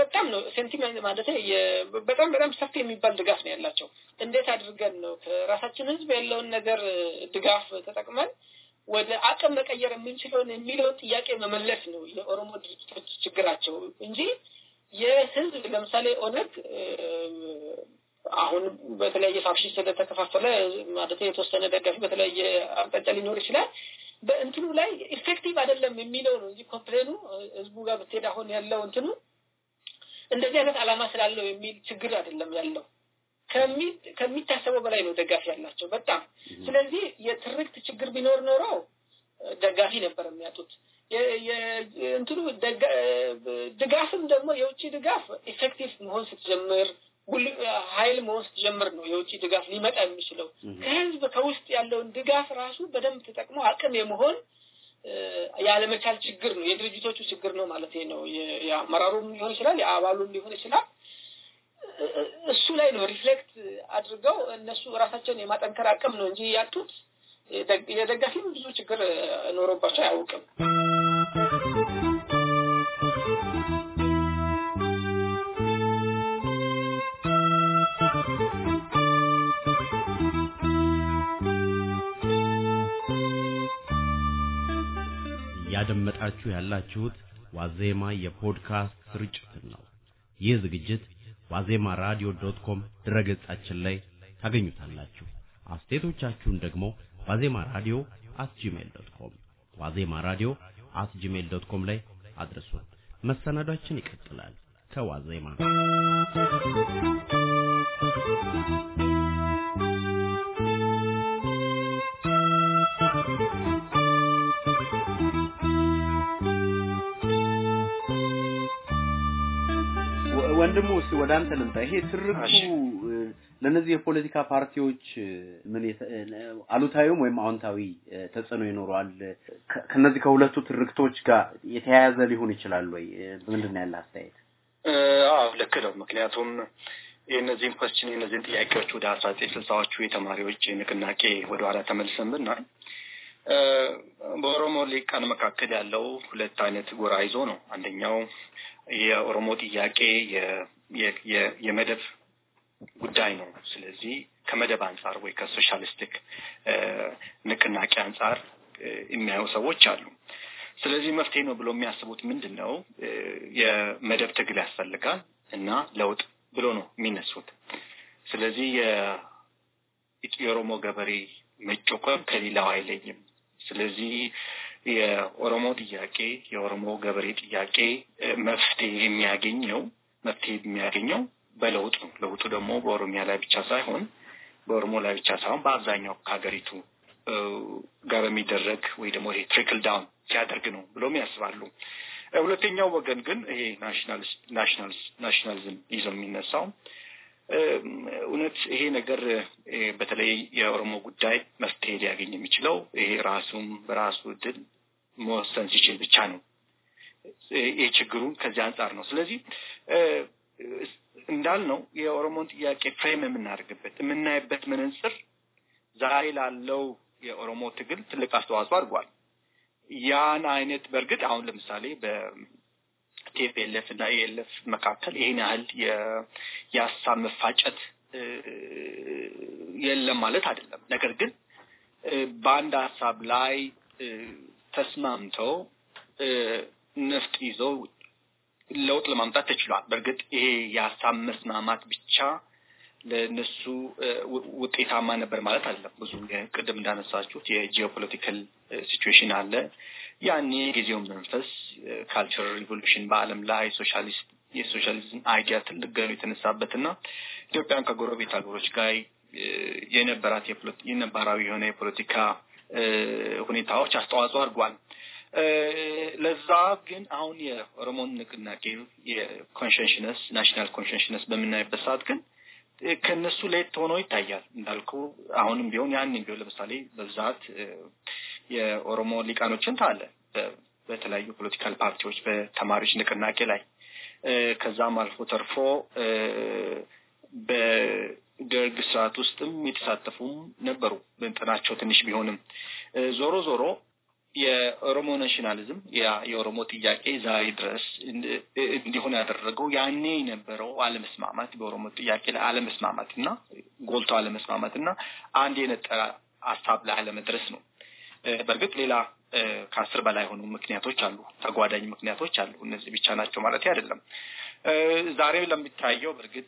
በጣም ነው ሴንቲመንት ማለት በጣም በጣም ሰፊ የሚባል ድጋፍ ነው ያላቸው። እንዴት አድርገን ነው ከራሳችን ህዝብ ያለውን ነገር ድጋፍ ተጠቅመን ወደ አቅም መቀየር የምንችለውን የሚለውን ጥያቄ መመለስ ነው የኦሮሞ ድርጅቶች ችግራቸው እንጂ የህዝብ ለምሳሌ ኦነግ አሁን በተለያየ ፋክሽን ስለተከፋፈለ ማለት የተወሰነ ደጋፊ በተለያየ አቅጣጫ ሊኖር ይችላል። በእንትኑ ላይ ኢፌክቲቭ አይደለም የሚለው ነው እንጂ ኮምፕሌኑ ህዝቡ ጋር ብትሄድ አሁን ያለው እንትኑ እንደዚህ አይነት አላማ ስላለው የሚል ችግር አይደለም ያለው ከሚታሰበው በላይ ነው ደጋፊ ያላቸው በጣም ስለዚህ የትርክት ችግር ቢኖር ኖሮ ደጋፊ ነበር የሚያጡት እንትኑ ድጋፍም ደግሞ የውጭ ድጋፍ ኢፌክቲቭ መሆን ስትጀምር ሀይል መሆን ስትጀምር ነው የውጭ ድጋፍ ሊመጣ የሚችለው ከህዝብ ከውስጥ ያለውን ድጋፍ ራሱ በደንብ ተጠቅሞ አቅም የመሆን ያለመቻል ችግር ነው የድርጅቶቹ ችግር ነው ማለት ነው የአመራሩም ሊሆን ይችላል የአባሉም ሊሆን ይችላል እሱ ላይ ነው ሪፍሌክት አድርገው እነሱ ራሳቸውን የማጠንከር አቅም ነው እንጂ ያጡት የደጋፊም ብዙ ችግር ኖሮባቸው አያውቅም። እያደመጣችሁ ያላችሁት ዋዜማ የፖድካስት ስርጭትን ነው። ይህ ዝግጅት ዋዜማ ራዲዮ ዶት ኮም ድረገጻችን ላይ ታገኙታላችሁ። አስተያየቶቻችሁን ደግሞ ዋዜማ ራዲዮ አት ጂሜል ዶት ኮም ዋዜማ ራዲዮ አት ጂሜል ዶት ኮም ላይ አድርሱ መሰናዷችን ይቀጥላል ከዋዜማ ወደ አንተ ልምጣ። ይሄ ትርኩ ለነዚህ የፖለቲካ ፓርቲዎች ምን አሉታዊም ወይም አዎንታዊ ተጽዕኖ ይኖረዋል? ከነዚህ ከሁለቱ ትርክቶች ጋር የተያያዘ ሊሆን ይችላል ወይ? ምንድን ያለ አስተያየት? አዎ ልክ ነው። ምክንያቱም የእነዚህን ኮስችን የእነዚህን ጥያቄዎች ወደ አስራ ዘጠኝ ስልሳዎቹ የተማሪዎች ንቅናቄ ወደኋላ ተመልሰን ብናይ በኦሮሞ ሊቃን መካከል ያለው ሁለት አይነት ጎራ ይዞ ነው። አንደኛው የኦሮሞ ጥያቄ የመደብ ጉዳይ ነው። ስለዚህ ከመደብ አንጻር ወይ ከሶሻሊስቲክ ንቅናቄ አንጻር የሚያዩ ሰዎች አሉ። ስለዚህ መፍትሄ ነው ብሎ የሚያስቡት ምንድን ነው? የመደብ ትግል ያስፈልጋል እና ለውጥ ብሎ ነው የሚነሱት። ስለዚህ የኦሮሞ ገበሬ መጮቆብ ከሌላው አይለይም። ስለዚህ የኦሮሞ ጥያቄ የኦሮሞ ገበሬ ጥያቄ መፍትሄ የሚያገኘው መፍትሄ የሚያገኘው በለውጥ ነው። ለውጡ ደግሞ በኦሮሚያ ላይ ብቻ ሳይሆን በኦሮሞ ላይ ብቻ ሳይሆን በአብዛኛው ከሀገሪቱ ጋር በሚደረግ ወይ ደግሞ ይሄ ትሪክል ዳውን ሲያደርግ ነው ብሎም ያስባሉ። ሁለተኛው ወገን ግን ይሄ ናሽናሊዝም ይዞ የሚነሳው እውነት ይሄ ነገር በተለይ የኦሮሞ ጉዳይ መፍትሄ ሊያገኝ የሚችለው ይሄ ራሱም በራሱ ድል መወሰን ሲችል ብቻ ነው የችግሩን ከዚህ አንጻር ነው። ስለዚህ እንዳልነው የኦሮሞን ጥያቄ ፍሬም የምናደርግበት የምናይበት መነጽር ዛሬ ላለው የኦሮሞ ትግል ትልቅ አስተዋጽኦ አድርጓል። ያን አይነት በእርግጥ አሁን ለምሳሌ በቲፒኤልኤፍ እና ኤኤልኤፍ መካከል ይህን ያህል የሀሳብ መፋጨት የለም ማለት አይደለም። ነገር ግን በአንድ ሀሳብ ላይ ተስማምተው ነፍጥ ይዘው ለውጥ ለማምጣት ተችሏል። በእርግጥ ይሄ የሀሳብ መስማማት ብቻ ለእነሱ ውጤታማ ነበር ማለት አይደለም። ብዙ ቅድም እንዳነሳችሁት የጂኦፖለቲካል ሲትዌሽን አለ። ያኔ ጊዜውን መንፈስ ካልቸር ሪቮሉሽን በዓለም ላይ ሶሻሊስት የሶሻሊዝም አይዲያ ትልቅ ገኑ የተነሳበት እና ኢትዮጵያን ከጎረቤት ሀገሮች ጋር የነበራት የነባራዊ የሆነ የፖለቲካ ሁኔታዎች አስተዋጽኦ አድርጓል። ለዛ ግን አሁን የኦሮሞን ንቅናቄ የኮንሸንሽነስ ናሽናል ኮንሸንሽነስ በምናይበት ሰዓት ግን ከነሱ ለየት ሆኖ ይታያል። እንዳልኩ አሁንም ቢሆን ያን ቢሆን ለምሳሌ በብዛት የኦሮሞ ሊቃኖችን ታለ በተለያዩ ፖለቲካል ፓርቲዎች በተማሪዎች ንቅናቄ ላይ ከዛም አልፎ ተርፎ በደርግ ስርዓት ውስጥም የተሳተፉም ነበሩ። በእንትናቸው ትንሽ ቢሆንም ዞሮ ዞሮ የኦሮሞ ናሽናሊዝም የኦሮሞ ጥያቄ ዛሬ ድረስ እንዲሆን ያደረገው ያኔ የነበረው አለመስማማት በኦሮሞ ጥያቄ ላይ አለመስማማት እና ጎልቶ አለመስማማት እና አንድ የነጠረ ሀሳብ ላይ አለመድረስ ነው። በእርግጥ ሌላ ከአስር በላይ የሆኑ ምክንያቶች አሉ፣ ተጓዳኝ ምክንያቶች አሉ። እነዚህ ብቻ ናቸው ማለት አይደለም። ዛሬ ለሚታየው በእርግጥ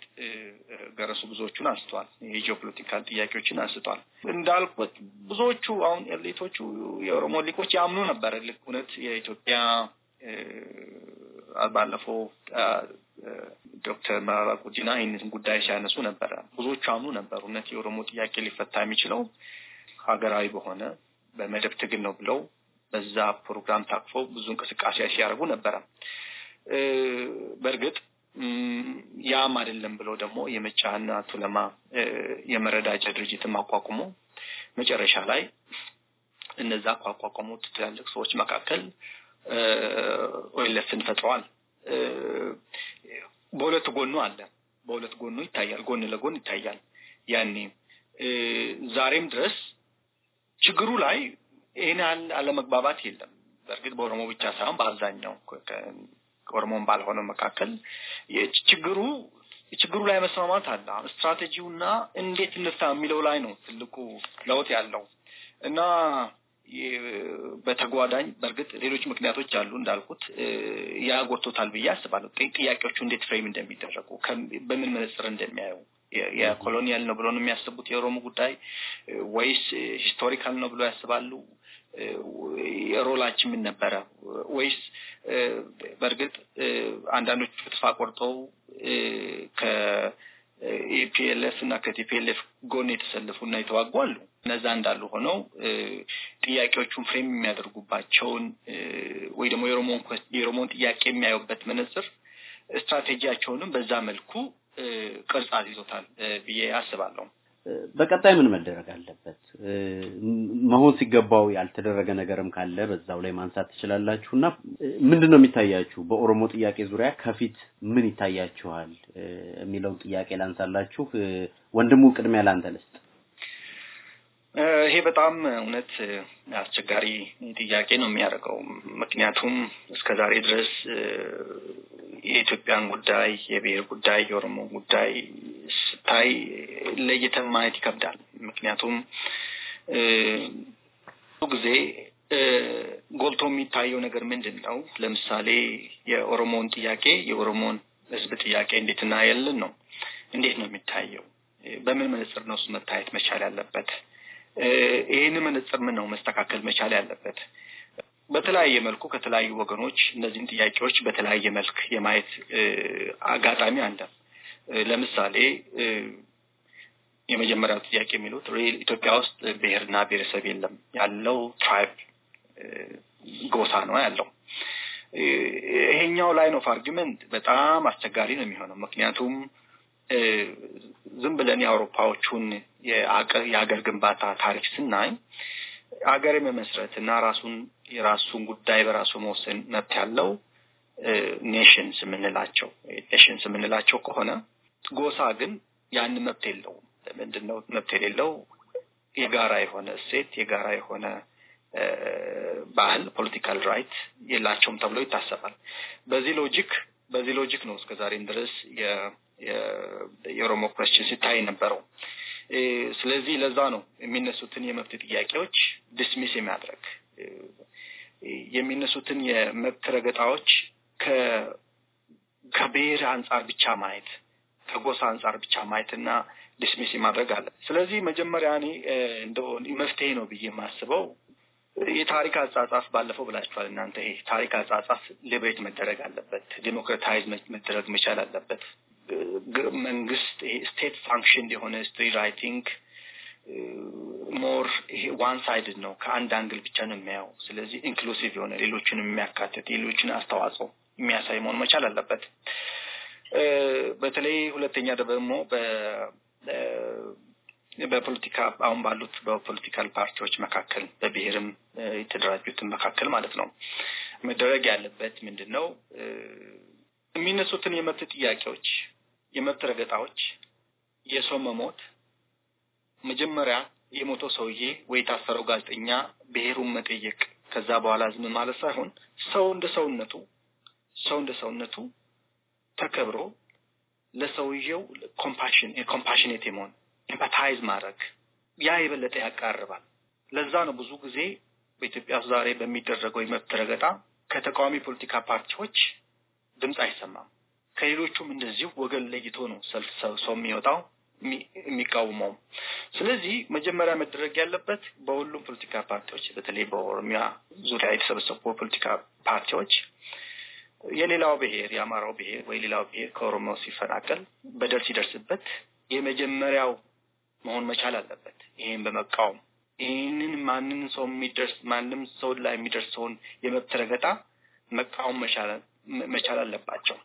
ገረሱ ብዙዎቹን አንስተዋል። የጂኦፖለቲካል ጥያቄዎችን አንስቷል። እንዳልኩት ብዙዎቹ አሁን ኤሊቶቹ የኦሮሞ ሊቆች ያምኑ ነበር ልክ እውነት የኢትዮጵያ ባለፈው ዶክተር መራራ ጉዲና ይህንን ጉዳይ ሲያነሱ ነበረ። ብዙዎቹ አምኑ ነበር እውነት የኦሮሞ ጥያቄ ሊፈታ የሚችለው ሀገራዊ በሆነ በመደብ ትግል ነው ብለው በዛ ፕሮግራም ታቅፈው ብዙ እንቅስቃሴ ሲያደርጉ ነበረ። በእርግጥ ያም አይደለም ብሎ ደግሞ የመቻህና ቱለማ የመረዳጃ ድርጅትም አቋቁሞ መጨረሻ ላይ እነዛ ካቋቋሙት ትላልቅ ሰዎች መካከል ኦይለፍን ፈጥረዋል። በሁለት ጎኑ አለ፣ በሁለት ጎኑ ይታያል፣ ጎን ለጎን ይታያል። ያኔ ዛሬም ድረስ ችግሩ ላይ ይህን ያህል አለመግባባት የለም። በእርግጥ በኦሮሞ ብቻ ሳይሆን በአብዛኛው ኦሮሞን ባልሆነ መካከል ችግሩ ችግሩ ላይ መስማማት አለ። ስትራቴጂውና እንዴት እንፍታ የሚለው ላይ ነው ትልቁ ለውጥ ያለው እና በተጓዳኝ በእርግጥ ሌሎች ምክንያቶች አሉ እንዳልኩት ያጎድቶታል ብዬ አስባለሁ። ጥያቄዎቹ እንዴት ፍሬም እንደሚደረጉ በምን መነጽር እንደሚያዩ የኮሎኒያል ነው ብሎ ነው የሚያስቡት የኦሮሞ ጉዳይ ወይስ ሂስቶሪካል ነው ብሎ ያስባሉ የሮላችን ምን ነበረ? ወይስ በእርግጥ አንዳንዶቹ ተስፋ ቆርጠው ከኤፒኤልኤፍ እና ከቲፒኤልኤፍ ጎን የተሰለፉ እና የተዋጉ አሉ። እነዛ እንዳሉ ሆነው ጥያቄዎቹን ፍሬም የሚያደርጉባቸውን ወይ ደግሞ የኦሮሞን ጥያቄ የሚያዩበት መነጽር ስትራቴጂያቸውንም በዛ መልኩ ቅርጽ አስይዞታል ብዬ አስባለሁ። በቀጣይ ምን መደረግ አለበት? መሆን ሲገባው ያልተደረገ ነገርም ካለ በዛው ላይ ማንሳት ትችላላችሁ እና ምንድን ነው የሚታያችሁ በኦሮሞ ጥያቄ ዙሪያ ከፊት ምን ይታያችኋል የሚለውን ጥያቄ ላንሳላችሁ። ወንድሙ ቅድሚያ ላንተ ልስጥ። ይሄ በጣም እውነት አስቸጋሪ ጥያቄ ነው የሚያደርገው። ምክንያቱም እስከ ዛሬ ድረስ የኢትዮጵያን ጉዳይ፣ የብሔር ጉዳይ፣ የኦሮሞ ጉዳይ ስታይ ለይተን ማየት ይከብዳል። ምክንያቱም ብዙ ጊዜ ጎልቶ የሚታየው ነገር ምንድን ነው? ለምሳሌ የኦሮሞውን ጥያቄ የኦሮሞን ሕዝብ ጥያቄ እንዴት እናያለን ነው። እንዴት ነው የሚታየው? በምን መነጽር ነው እሱ መታየት መቻል ያለበት? ይህን መነጽር ምን ነው መስተካከል መቻል ያለበት። በተለያየ መልኩ ከተለያዩ ወገኖች እነዚህን ጥያቄዎች በተለያየ መልክ የማየት አጋጣሚ አለ። ለምሳሌ የመጀመሪያው ጥያቄ የሚሉት ሪል ኢትዮጵያ ውስጥ ብሔርና ብሔረሰብ የለም ያለው ትራይብ ጎሳ ነው ያለው። ይሄኛው ላይን ኦፍ አርጊመንት በጣም አስቸጋሪ ነው የሚሆነው ምክንያቱም ዝም ብለን የአውሮፓዎቹን የአገር ግንባታ ታሪክ ስናይ አገር የመመስረት እና ራሱን የራሱን ጉዳይ በራሱ መወሰን መብት ያለው ኔሽንስ የምንላቸው ኔሽንስ የምንላቸው ከሆነ ጎሳ ግን ያን መብት የለውም። ምንድን ነው መብት የሌለው? የጋራ የሆነ እሴት፣ የጋራ የሆነ ባህል፣ ፖለቲካል ራይት የላቸውም ተብሎ ይታሰባል። በዚህ ሎጂክ በዚህ ሎጂክ ነው እስከዛሬም ድረስ የኦሮሞ ኮስችን ሲታይ ነበረው። ስለዚህ ለዛ ነው የሚነሱትን የመብት ጥያቄዎች ዲስሚስ የሚያደርግ የሚነሱትን የመብት ረገጣዎች ከብሔር አንጻር ብቻ ማየት ከጎሳ አንጻር ብቻ ማየት እና ዲስሚስ ማድረግ አለ። ስለዚህ መጀመሪያ እኔ እንደ መፍትሄ ነው ብዬ የማስበው የታሪክ አጻጻፍ ባለፈው ብላችኋል እናንተ። ይሄ ታሪክ አጻጻፍ ሊብሬት መደረግ አለበት፣ ዲሞክራታይዝ መደረግ መቻል አለበት። መንግስት ስቴት ፋንክሽን የሆነ ስትሪ ራይቲንግ ሞር ይሄ ዋን ሳይድድ ነው። ከአንድ አንግል ብቻ ነው የሚያየው። ስለዚህ ኢንክሉሲቭ የሆነ ሌሎችን የሚያካትት ሌሎችን አስተዋጽኦ የሚያሳይ መሆን መቻል አለበት። uh, በተለይ ሁለተኛ ደግሞ uh, በፖለቲካ አሁን ባሉት በፖለቲካል ፓርቲዎች መካከል በብሔርም የተደራጁትን መካከል ማለት ነው መደረግ ያለበት ምንድን ነው uh, የሚነሱትን የመብት ጥያቄዎች የመብት ረገጣዎች፣ የሰው መሞት፣ መጀመሪያ የሞተው ሰውዬ ወይ የታሰረው ጋዜጠኛ ብሔሩን መጠየቅ ከዛ በኋላ ዝም ማለት ሳይሆን ሰው እንደ ሰውነቱ ሰው እንደ ሰውነቱ ተከብሮ ለሰውየው ኮምፓሽን የኮምፓሽኔት የመሆን ኤምፓታይዝ ማድረግ ያ የበለጠ ያቃርባል። ለዛ ነው ብዙ ጊዜ በኢትዮጵያ ዛሬ በሚደረገው የመብት ረገጣ ከተቃዋሚ ፖለቲካ ፓርቲዎች ድምፅ አይሰማም። ከሌሎቹም እንደዚሁ ወገን ለይቶ ነው ሰልፍ ሰው የሚወጣው የሚቃወመው። ስለዚህ መጀመሪያ መደረግ ያለበት በሁሉም ፖለቲካ ፓርቲዎች በተለይ በኦሮሚያ ዙሪያ የተሰበሰቡ ፖለቲካ ፓርቲዎች የሌላው ብሔር የአማራው ብሔር ወይ ሌላው ብሔር ከኦሮሞ ሲፈናቀል በደል ሲደርስበት የመጀመሪያው መሆን መቻል አለበት። ይሄን በመቃወም ይህንን ማንን ሰው የሚደርስ ማንም ሰው ላይ የሚደርሰውን የመብት ረገጣ መቃወም መቻል አለባቸው።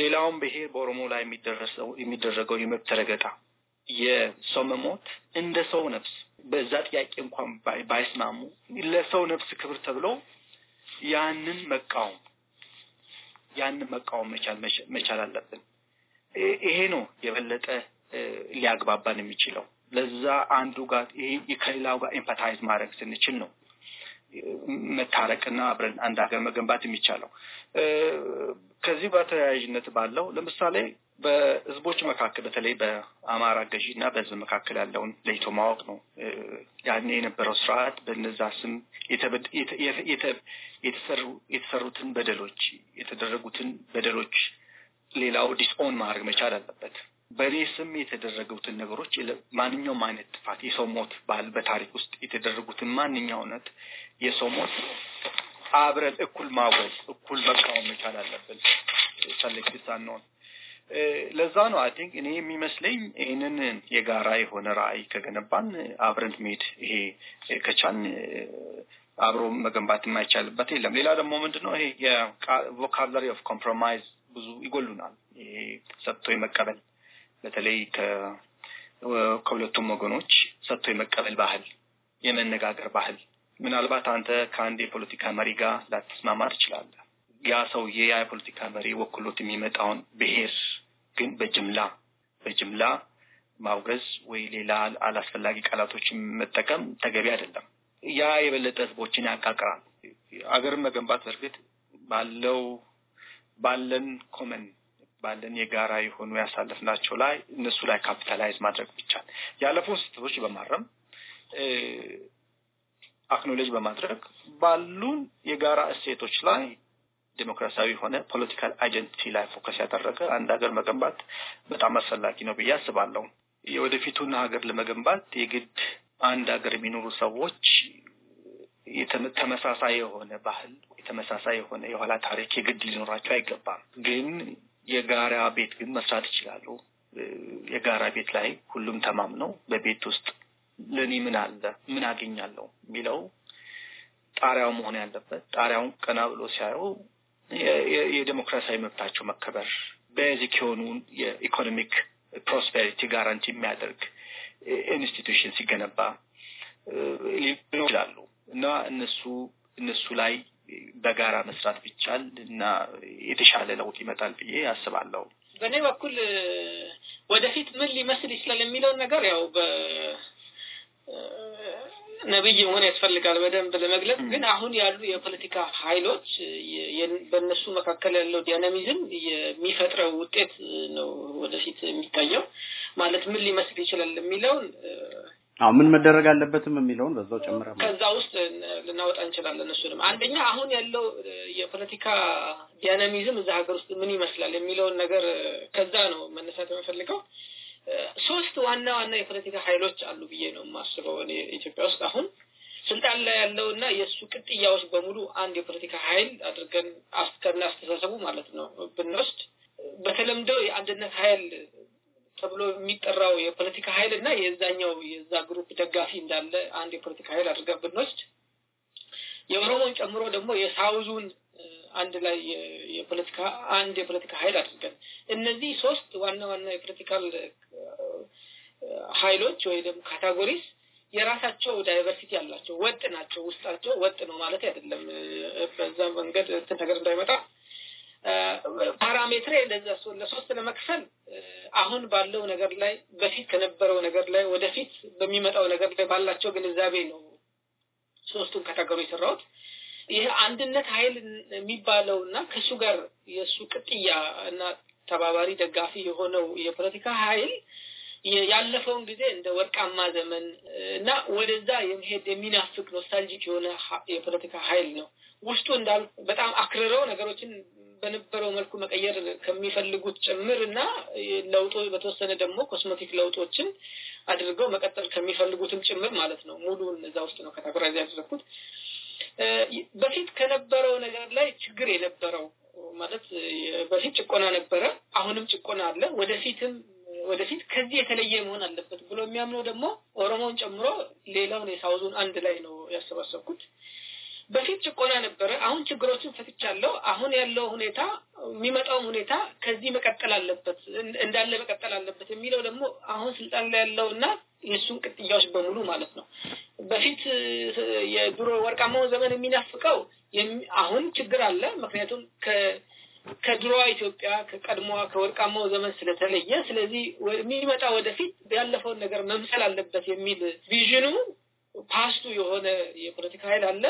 ሌላውም ብሔር በኦሮሞ ላይ የሚደረሰው የሚደረገው የመብት ረገጣ የሰው መሞት እንደ ሰው ነፍስ በዛ ጥያቄ እንኳን ባይስማሙ ለሰው ነፍስ ክብር ተብሎ ያንን መቃወም ያንን መቃወም መቻል መቻል አለብን። ይሄ ነው የበለጠ ሊያግባባን የሚችለው። ለዛ አንዱ ጋር ይሄ ከሌላው ጋር ኤምፓታይዝ ማድረግ ስንችል ነው መታረቅና አብረን አንድ ሀገር መገንባት የሚቻለው። ከዚህ በተያያዥነት ባለው ለምሳሌ በህዝቦች መካከል በተለይ በአማራ ገዢ እና በህዝብ መካከል ያለውን ለይቶ ማወቅ ነው። ያኔ የነበረው ስርዓት በነዛ ስም የተሰሩትን በደሎች የተደረጉትን በደሎች ሌላው ዲስኦን ማድረግ መቻል አለበት። በእኔ ስም የተደረጉትን ነገሮች ማንኛውም አይነት ጥፋት የሰው ሞት ባል በታሪክ ውስጥ የተደረጉትን ማንኛው እውነት የሰው ሞት አብረን እኩል ማወዝ እኩል መቃወም መቻል አለብን። ሰሌክቲቭ ነውን ለዛ ነው አይ ቲንክ እኔ የሚመስለኝ ይህንን የጋራ የሆነ ራዕይ ከገነባን አብረን መሄድ ይሄ ከቻን አብሮ መገንባት የማይቻልበት የለም። ሌላ ደግሞ ምንድን ነው ይሄ የቮካብላሪ ኦፍ ኮምፕሮማይዝ ብዙ ይጎሉናል። ይሄ ሰጥቶ የመቀበል በተለይ ከሁለቱም ወገኖች ሰጥቶ የመቀበል ባህል፣ የመነጋገር ባህል። ምናልባት አንተ ከአንድ የፖለቲካ መሪ ጋር ላትስማማ ትችላለህ። ያ ሰውዬ ያ የፖለቲካ መሪ ወክሎት የሚመጣውን ብሄር ግን በጅምላ በጅምላ ማውገዝ ወይ ሌላ አላስፈላጊ ቃላቶችን መጠቀም ተገቢ አይደለም። ያ የበለጠ ህዝቦችን ያቃቅራል። አገርን መገንባት በእርግጥ ባለው ባለን ኮመን ባለን የጋራ የሆኑ ያሳለፍናቸው ላይ እነሱ ላይ ካፒታላይዝ ማድረግ ብቻል ያለፉን ስህተቶች በማረም አክኖሌጅ በማድረግ ባሉን የጋራ እሴቶች ላይ ዴሞክራሲያዊ የሆነ ፖለቲካል አይደንቲቲ ላይ ፎከስ ያደረገ አንድ ሀገር መገንባት በጣም አስፈላጊ ነው ብዬ አስባለሁ። የወደፊቱን ሀገር ለመገንባት የግድ አንድ ሀገር የሚኖሩ ሰዎች ተመሳሳይ የሆነ ባህል፣ የተመሳሳይ የሆነ የኋላ ታሪክ የግድ ሊኖራቸው አይገባም ግን የጋራ ቤት ግን መስራት ይችላሉ። የጋራ ቤት ላይ ሁሉም ተማምነው በቤት ውስጥ ለእኔ ምን አለ ምን አገኛለሁ የሚለው ጣሪያው መሆን ያለበት ጣሪያውን ቀና ብሎ ሲያየው የዴሞክራሲያዊ መብታቸው መከበር በዚህ የሆኑ የኢኮኖሚክ ፕሮስፔሪቲ ጋራንቲ የሚያደርግ ኢንስቲቱሽን ሲገነባ ሊኖሩ ይችላሉ እና እነሱ እነሱ ላይ በጋራ መስራት ቢቻል እና የተሻለ ለውጥ ይመጣል ብዬ አስባለሁ። በእኔ በኩል ወደፊት ምን ሊመስል ይችላል የሚለውን ነገር ያው ነብይ መሆን ያስፈልጋል በደንብ ለመግለጽ። ግን አሁን ያሉ የፖለቲካ ኃይሎች በእነሱ መካከል ያለው ዲናሚዝም የሚፈጥረው ውጤት ነው ወደፊት የሚታየው። ማለት ምን ሊመስል ይችላል የሚለውን አዎ ምን መደረግ አለበትም የሚለውን በዛው ጨምረ ከዛ ውስጥ ልናወጣ እንችላለን። እሱንም አንደኛ አሁን ያለው የፖለቲካ ዲያናሚዝም እዛ ሀገር ውስጥ ምን ይመስላል የሚለውን ነገር ከዛ ነው መነሳት የምፈልገው። ሶስት ዋና ዋና የፖለቲካ ሀይሎች አሉ ብዬ ነው የማስበው እኔ ኢትዮጵያ ውስጥ አሁን ስልጣን ላይ ያለው እና የእሱ ቅጥያዎች በሙሉ አንድ የፖለቲካ ሀይል አድርገን ከና አስተሳሰቡ ማለት ነው ብንወስድ በተለምዶ የአንድነት ሀይል ተብሎ የሚጠራው የፖለቲካ ሀይል እና የዛኛው የዛ ግሩፕ ደጋፊ እንዳለ አንድ የፖለቲካ ሀይል አድርገን ብንወስድ የኦሮሞን ጨምሮ ደግሞ የሳውዙን አንድ ላይ የፖለቲካ አንድ የፖለቲካ ሀይል አድርገን እነዚህ ሶስት ዋና ዋና የፖለቲካል ሀይሎች ወይ ደግሞ ካታጎሪስ የራሳቸው ዳይቨርሲቲ አላቸው። ወጥ ናቸው። ውስጣቸው ወጥ ነው ማለት አይደለም። በዛ መንገድ እንትን ነገር እንዳይመጣ ፓራሜትሬ ለሶስት ለመክፈል አሁን ባለው ነገር ላይ በፊት ከነበረው ነገር ላይ ወደፊት በሚመጣው ነገር ላይ ባላቸው ግንዛቤ ነው ሶስቱን ከተገሩ የሰራሁት። ይህ አንድነት ኃይል የሚባለው እና ከእሱ ጋር የእሱ ቅጥያ እና ተባባሪ ደጋፊ የሆነው የፖለቲካ ኃይል ያለፈውን ጊዜ እንደ ወርቃማ ዘመን እና ወደዛ የመሄድ የሚናፍቅ ኖስታልጂክ የሆነ የፖለቲካ ኃይል ነው። ውስጡ እንዳል በጣም አክርረው ነገሮችን በነበረው መልኩ መቀየር ከሚፈልጉት ጭምር እና ለውጦ በተወሰነ ደግሞ ኮስሞቲክ ለውጦችን አድርገው መቀጠል ከሚፈልጉትም ጭምር ማለት ነው። ሙሉን እዛ ውስጥ ነው ከታኩራዚ ያደረግኩት። በፊት ከነበረው ነገር ላይ ችግር የነበረው ማለት በፊት ጭቆና ነበረ፣ አሁንም ጭቆና አለ፣ ወደፊትም ወደፊት ከዚህ የተለየ መሆን አለበት ብሎ የሚያምነው ደግሞ ኦሮሞውን ጨምሮ ሌላውን የሳውዙን አንድ ላይ ነው ያሰባሰብኩት። በፊት ጭቆና ነበረ። አሁን ችግሮችን ፈትቻለሁ። አሁን ያለው ሁኔታ የሚመጣውም ሁኔታ ከዚህ መቀጠል አለበት እንዳለ መቀጠል አለበት የሚለው ደግሞ አሁን ስልጣን ላይ ያለው እና የእሱን ቅጥያዎች በሙሉ ማለት ነው። በፊት የድሮ ወርቃማውን ዘመን የሚናፍቀው አሁን ችግር አለ። ምክንያቱም ከድሮዋ ኢትዮጵያ ከቀድሞዋ ከወርቃማው ዘመን ስለተለየ፣ ስለዚህ የሚመጣ ወደፊት ያለፈውን ነገር መምሰል አለበት የሚል ቪዥኑ ፓስቱ የሆነ የፖለቲካ ኃይል አለ።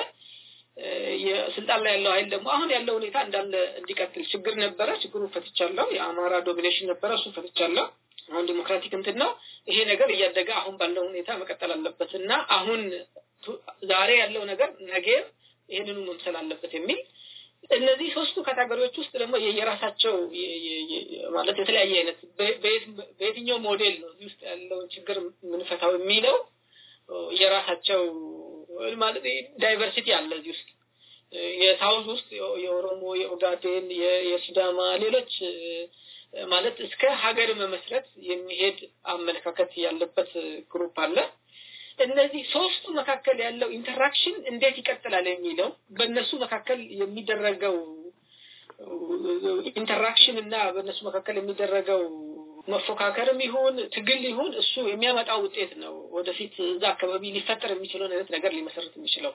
የስልጣን ላይ ያለው ሀይል ደግሞ አሁን ያለው ሁኔታ እንዳለ እንዲቀጥል ችግር ነበረ፣ ችግሩ ፈትቻለሁ። የአማራ ዶሚኔሽን ነበረ፣ እሱ ፈትቻለሁ። አሁን ዲሞክራቲክ እንትን ነው። ይሄ ነገር እያደገ አሁን ባለው ሁኔታ መቀጠል አለበት እና አሁን ዛሬ ያለው ነገር ነገም ይህንኑ መምሰል አለበት የሚል እነዚህ ሶስቱ ካታገሪዎች ውስጥ ደግሞ የራሳቸው ማለት የተለያየ አይነት በየትኛው ሞዴል ነው እዚህ ውስጥ ያለውን ችግር የምንፈታው የሚለው የራሳቸው ማለት ዳይቨርሲቲ አለ እዚህ ውስጥ የሳውዝ ውስጥ የኦሮሞ የኦጋዴን የሱዳማ ሌሎች ማለት እስከ ሀገር መመስረት የሚሄድ አመለካከት ያለበት ግሩፕ አለ እነዚህ ሶስቱ መካከል ያለው ኢንተራክሽን እንዴት ይቀጥላል የሚለው በእነሱ መካከል የሚደረገው ኢንተራክሽን እና በእነሱ መካከል የሚደረገው መፎካከርም ይሁን ትግል ይሁን እሱ የሚያመጣው ውጤት ነው። ወደፊት እዛ አካባቢ ሊፈጠር የሚችለውን አይነት ነገር ሊመሰረት የሚችለው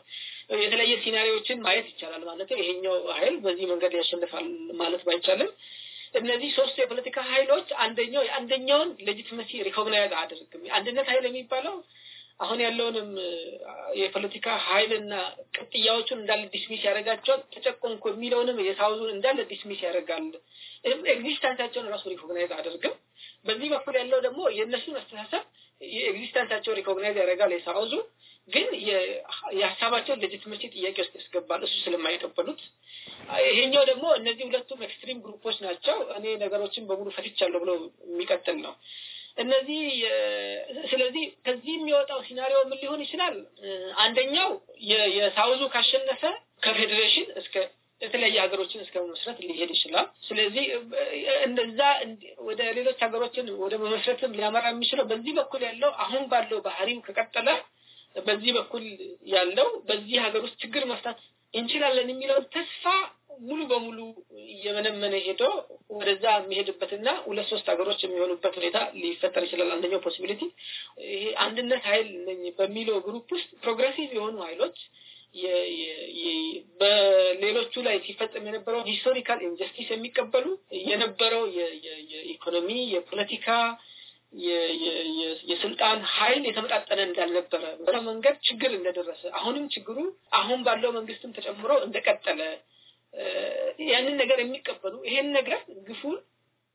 የተለያየ ሲናሪዎችን ማየት ይቻላል። ማለት ነው። ይሄኛው ኃይል በዚህ መንገድ ያሸንፋል ማለት ባይቻልም እነዚህ ሶስቱ የፖለቲካ ኃይሎች አንደኛው የአንደኛውን ሌጂትመሲ ሪኮግናይዝ አያደርግም። የአንድነት ኃይል የሚባለው አሁን ያለውንም የፖለቲካ ኃይልና ቅጥያዎቹን እንዳለ ዲስሚስ ያደርጋቸዋል። ተጨቆንኩ የሚለውንም የሳውዙን እንዳለ ዲስሚስ ያደርጋል። ኤግዚስታንሳቸውን ራሱ ሪኮግናይዝ አያደርግም። በዚህ በኩል ያለው ደግሞ የእነሱን አስተሳሰብ የኤግዚስተንሳቸው ሪኮግናይዝ ያደርጋል የሳውዙ ግን የሀሳባቸውን ለጅትመሲ ጥያቄ ውስጥ ያስገባል እሱ ስለማይቀበሉት ይሄኛው ደግሞ እነዚህ ሁለቱም ኤክስትሪም ግሩፖች ናቸው እኔ ነገሮችን በሙሉ ፈትቻለሁ ብሎ የሚቀጥል ነው እነዚህ ስለዚህ ከዚህ የሚወጣው ሲናሪዮ ምን ሊሆን ይችላል አንደኛው የሳውዙ ካሸነፈ ከፌዴሬሽን እስከ የተለያዩ ሀገሮችን እስከ መመስረት ሊሄድ ይችላል። ስለዚህ እንደዛ ወደ ሌሎች ሀገሮችን ወደ መመስረትም ሊያመራ የሚችለው በዚህ በኩል ያለው አሁን ባለው ባህሪም ከቀጠለ በዚህ በኩል ያለው በዚህ ሀገር ውስጥ ችግር መፍታት እንችላለን የሚለውን ተስፋ ሙሉ በሙሉ እየመነመነ ሄዶ ወደዛ የሚሄድበትና ሁለት ሶስት ሀገሮች የሚሆኑበት ሁኔታ ሊፈጠር ይችላል። አንደኛው ፖሲቢሊቲ ይሄ አንድነት ሀይል በሚለው ግሩፕ ውስጥ ፕሮግረሲቭ የሆኑ ሀይሎች በሌሎቹ ላይ ሲፈጸም የነበረው ሂስቶሪካል ኢንጀስቲስ የሚቀበሉ የነበረው የኢኮኖሚ፣ የፖለቲካ፣ የስልጣን ኃይል የተመጣጠነ እንዳልነበረ በዛ መንገድ ችግር እንደደረሰ አሁንም ችግሩ አሁን ባለው መንግስትም ተጨምሮ እንደቀጠለ ያንን ነገር የሚቀበሉ ይሄን ነገር ግፉን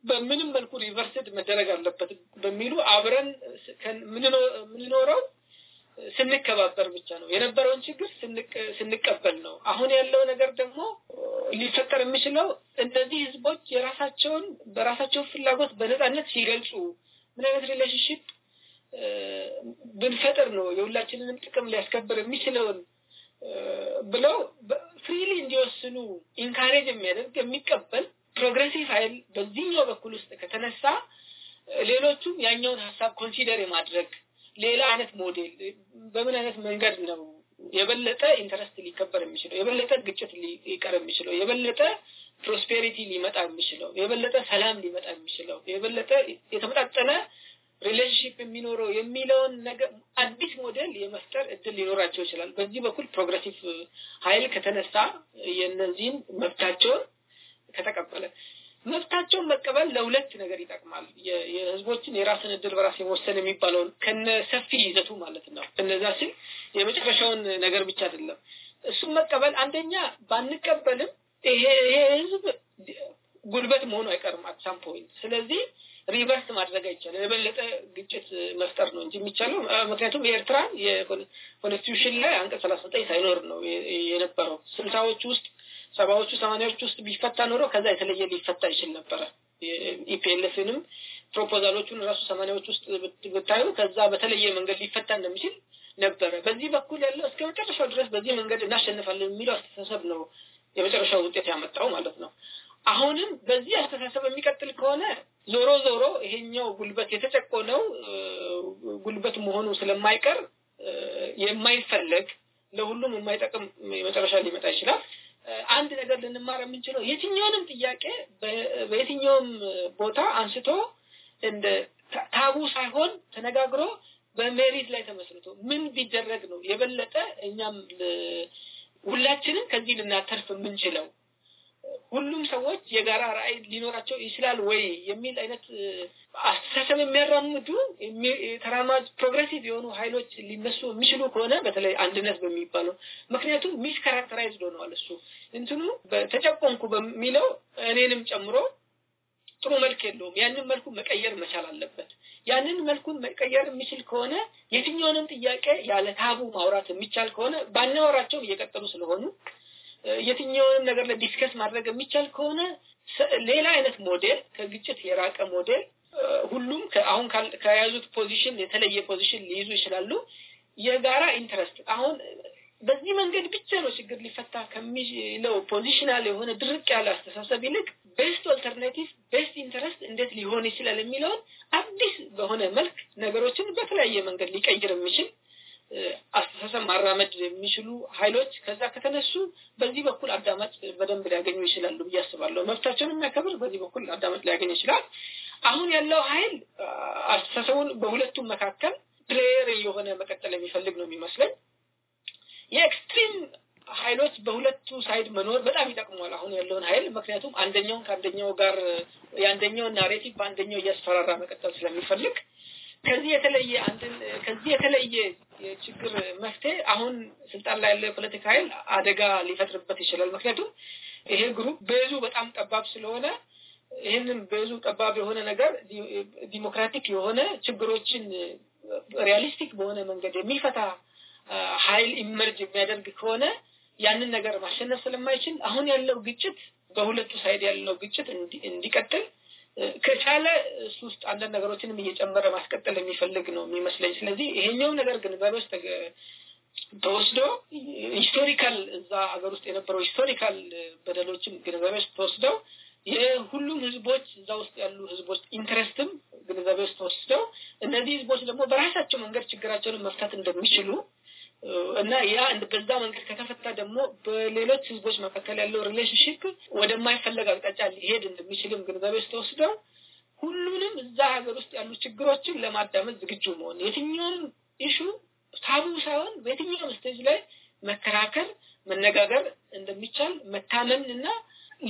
በምንም መልኩ ሪቨርስድ መደረግ አለበት በሚሉ አብረን ምንኖረው ስንከባበር ብቻ ነው። የነበረውን ችግር ስንቀበል ነው። አሁን ያለው ነገር ደግሞ ሊፈጠር የሚችለው እነዚህ ህዝቦች የራሳቸውን በራሳቸው ፍላጎት በነፃነት ሲገልጹ ምን አይነት ሪሌሽንሽፕ ብንፈጥር ነው የሁላችንንም ጥቅም ሊያስከብር የሚችለውን ብለው ፍሪሊ እንዲወስኑ ኢንካሬጅ የሚያደርግ የሚቀበል ፕሮግሬሲቭ ኃይል በዚህኛው በኩል ውስጥ ከተነሳ ሌሎቹም ያኛውን ሀሳብ ኮንሲደር የማድረግ ሌላ አይነት ሞዴል በምን አይነት መንገድ ነው የበለጠ ኢንተረስት ሊከበር የሚችለው የበለጠ ግጭት ሊቀር የሚችለው የበለጠ ፕሮስፔሪቲ ሊመጣ የሚችለው የበለጠ ሰላም ሊመጣ የሚችለው የበለጠ የተመጣጠነ ሪሌሽንሽፕ የሚኖረው የሚለውን ነገር አዲስ ሞዴል የመፍጠር እድል ሊኖራቸው ይችላል። በዚህ በኩል ፕሮግረሲቭ ኃይል ከተነሳ የእነዚህን መብታቸውን ከተቀበለ መብታቸውን መቀበል ለሁለት ነገር ይጠቅማል። የህዝቦችን የራስን እድል በራስ የመወሰን የሚባለውን ከነ ሰፊ ይዘቱ ማለት ነው። እነዛ ሲል የመጨረሻውን ነገር ብቻ አይደለም። እሱን መቀበል አንደኛ ባንቀበልም ይሄ ህዝብ ጉልበት መሆኑ አይቀርም አትሳም ፖይንት። ስለዚህ ሪቨርስ ማድረግ አይቻልም። የበለጠ ግጭት መፍጠር ነው እንጂ የሚቻለው ምክንያቱም የኤርትራን የኮንስቲቱሽን ላይ አንቀጽ ሰላሳ ዘጠኝ ሳይኖር ነው የነበረው ስልሳዎች ውስጥ ሰባዎቹ ሰማኒያዎች ውስጥ ቢፈታ ኖሮ ከዛ የተለየ ሊፈታ ይችል ነበረ ኢፒኤልኤፍንም ፕሮፖዛሎቹን ራሱ ሰማኒያዎች ውስጥ ብታዩ ከዛ በተለየ መንገድ ሊፈታ እንደሚችል ነበረ በዚህ በኩል ያለው እስከ መጨረሻው ድረስ በዚህ መንገድ እናሸንፋለን የሚለው አስተሳሰብ ነው የመጨረሻው ውጤት ያመጣው ማለት ነው አሁንም በዚህ አስተሳሰብ የሚቀጥል ከሆነ ዞሮ ዞሮ ይሄኛው ጉልበት የተጨቆነው ጉልበት መሆኑ ስለማይቀር የማይፈለግ ለሁሉም የማይጠቅም መጨረሻ ሊመጣ ይችላል አንድ ነገር ልንማር የምንችለው የትኛውንም ጥያቄ በየትኛውም ቦታ አንስቶ እንደ ታቡ ሳይሆን ተነጋግሮ በሜሪት ላይ ተመስርቶ ምን ቢደረግ ነው የበለጠ እኛም ሁላችንም ከዚህ ልናተርፍ የምንችለው ሁሉም ሰዎች የጋራ ራዕይ ሊኖራቸው ይችላል ወይ የሚል አይነት አስተሳሰብ የሚያራምዱ ተራማጅ ፕሮግሬሲቭ የሆኑ ኃይሎች ሊነሱ የሚችሉ ከሆነ በተለይ አንድነት በሚባለው ምክንያቱም ሚስ ካራክተራይዝ ሆነዋል። እሱ እንትኑ ተጨቆንኩ በሚለው እኔንም ጨምሮ ጥሩ መልክ የለውም። ያንን መልኩ መቀየር መቻል አለበት። ያንን መልኩን መቀየር የሚችል ከሆነ የትኛውንም ጥያቄ ያለ ታቡ ማውራት የሚቻል ከሆነ ባናወራቸው እየቀጠሉ ስለሆኑ የትኛውንም ነገር ለዲስከስ ዲስከስ ማድረግ የሚቻል ከሆነ ሌላ አይነት ሞዴል ከግጭት የራቀ ሞዴል ሁሉም አሁን ከያዙት ፖዚሽን የተለየ ፖዚሽን ሊይዙ ይችላሉ። የጋራ ኢንትረስት አሁን በዚህ መንገድ ብቻ ነው ችግር ሊፈታ ከሚለው ፖዚሽናል የሆነ ድርቅ ያለ አስተሳሰብ ይልቅ ቤስት ኦልተርናቲቭ ቤስት ኢንትረስት እንዴት ሊሆን ይችላል የሚለውን አዲስ በሆነ መልክ ነገሮችን በተለያየ መንገድ ሊቀይር የሚችል አስተሳሰብ ማራመድ የሚችሉ ኃይሎች ከዛ ከተነሱ በዚህ በኩል አዳማጭ በደንብ ሊያገኙ ይችላሉ ብዬ አስባለሁ። መብታቸውን የሚያከብር በዚህ በኩል አዳማጭ ሊያገኝ ይችላል። አሁን ያለው ኃይል አስተሳሰቡን በሁለቱም መካከል ፕሌየር የሆነ መቀጠል የሚፈልግ ነው የሚመስለኝ። የኤክስትሪም ኃይሎች በሁለቱ ሳይድ መኖር በጣም ይጠቅሟል አሁን ያለውን ኃይል። ምክንያቱም አንደኛውን ከአንደኛው ጋር የአንደኛው ናሬቲቭ በአንደኛው እያስፈራራ መቀጠል ስለሚፈልግ ከዚህ የተለየ አንድን ከዚህ የተለየ የችግር መፍትሄ አሁን ስልጣን ላይ ያለው የፖለቲካ ኃይል አደጋ ሊፈጥርበት ይችላል። ምክንያቱም ይሄ ግሩፕ ብዙ በጣም ጠባብ ስለሆነ ይህንን ብዙ ጠባብ የሆነ ነገር ዲሞክራቲክ የሆነ ችግሮችን ሪያሊስቲክ በሆነ መንገድ የሚፈታ ሀይል ኢመርጅ የሚያደርግ ከሆነ ያንን ነገር ማሸነፍ ስለማይችል አሁን ያለው ግጭት በሁለቱ ሳይድ ያለው ግጭት እንዲቀጥል ከቻለ እሱ ውስጥ አንዳንድ ነገሮችንም እየጨመረ ማስቀጠል የሚፈልግ ነው የሚመስለኝ። ስለዚህ ይሄኛው ነገር ግንዛቤ ውስጥ ተወስዶ ሂስቶሪካል እዛ ሀገር ውስጥ የነበረው ሂስቶሪካል በደሎችን ግንዛቤ ውስጥ ተወስደው ይሄ ሁሉም ህዝቦች እዛ ውስጥ ያሉ ህዝቦች ኢንትረስትም ግንዛቤ ውስጥ ተወስደው እነዚህ ህዝቦች ደግሞ በራሳቸው መንገድ ችግራቸውን መፍታት እንደሚችሉ እና ያ በዛ መንገድ ከተፈታ ደግሞ በሌሎች ህዝቦች መካከል ያለው ሪሌሽንሽፕ ወደማይፈለግ አቅጣጫ ሊሄድ እንደሚችልም ግንዛቤ ውስጥ ተወስደው ሁሉንም እዛ ሀገር ውስጥ ያሉ ችግሮችን ለማዳመጥ ዝግጁ መሆን የትኛውም ኢሹ ታቡ ሳይሆን በየትኛውም ስቴጅ ላይ መከራከር፣ መነጋገር እንደሚቻል መታመን እና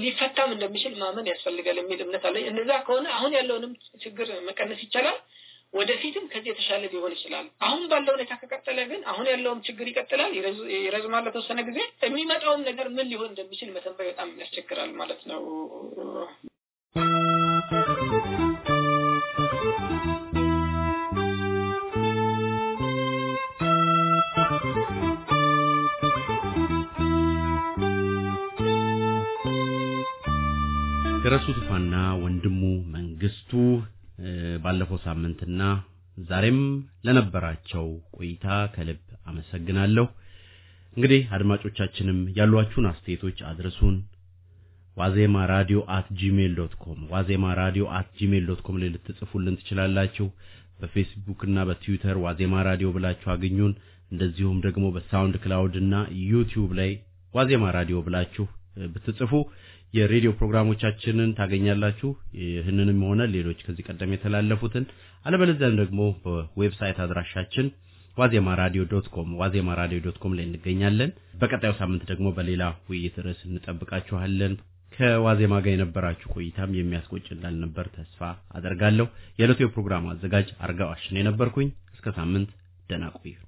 ሊፈታም እንደሚችል ማመን ያስፈልጋል የሚል እምነት አለ። እነዛ ከሆነ አሁን ያለውንም ችግር መቀነስ ይቻላል። ወደፊትም ከዚህ የተሻለ ሊሆን ይችላል። አሁን ባለው ሁኔታ ከቀጠለ ግን አሁን ያለውም ችግር ይቀጥላል፣ ይረዝማል ለተወሰነ ጊዜ። የሚመጣውም ነገር ምን ሊሆን እንደሚችል መተንበይ በጣም ያስቸግራል ማለት ነው። ትዕግስቱ ባለፈው ሳምንትና ዛሬም ለነበራቸው ቆይታ ከልብ አመሰግናለሁ። እንግዲህ አድማጮቻችንም ያሏችሁን አስተያየቶች አድርሱን ዋዜማ ራዲዮ አት ጂሜል ዶት ኮም ዋዜማ ራዲዮ አት ጂሜል ዶት ኮም ላይ ልትጽፉልን ትችላላችሁ። በፌስቡክና በትዊተር ዋዜማ ራዲዮ ብላችሁ አግኙን። እንደዚሁም ደግሞ በሳውንድ ክላውድ እና ዩቲዩብ ላይ ዋዜማ ራዲዮ ብላችሁ ብትጽፉ የሬዲዮ ፕሮግራሞቻችንን ታገኛላችሁ። ይህንንም ሆነ ሌሎች ከዚህ ቀደም የተላለፉትን አለበለዚያም ደግሞ በዌብሳይት አድራሻችን ዋዜማ ራዲዮ ዶት ኮም ዋዜማ ራዲዮ ዶት ኮም ላይ እንገኛለን። በቀጣዩ ሳምንት ደግሞ በሌላ ውይይት ርዕስ እንጠብቃችኋለን። ከዋዜማ ጋር የነበራችሁ ቆይታም የሚያስቆጭ እንዳልነበር ተስፋ አደርጋለሁ። የዕለቱ የፕሮግራሙ አዘጋጅ አርጋው የነበርኩኝ እስከ ሳምንት ደህና ቆዩ።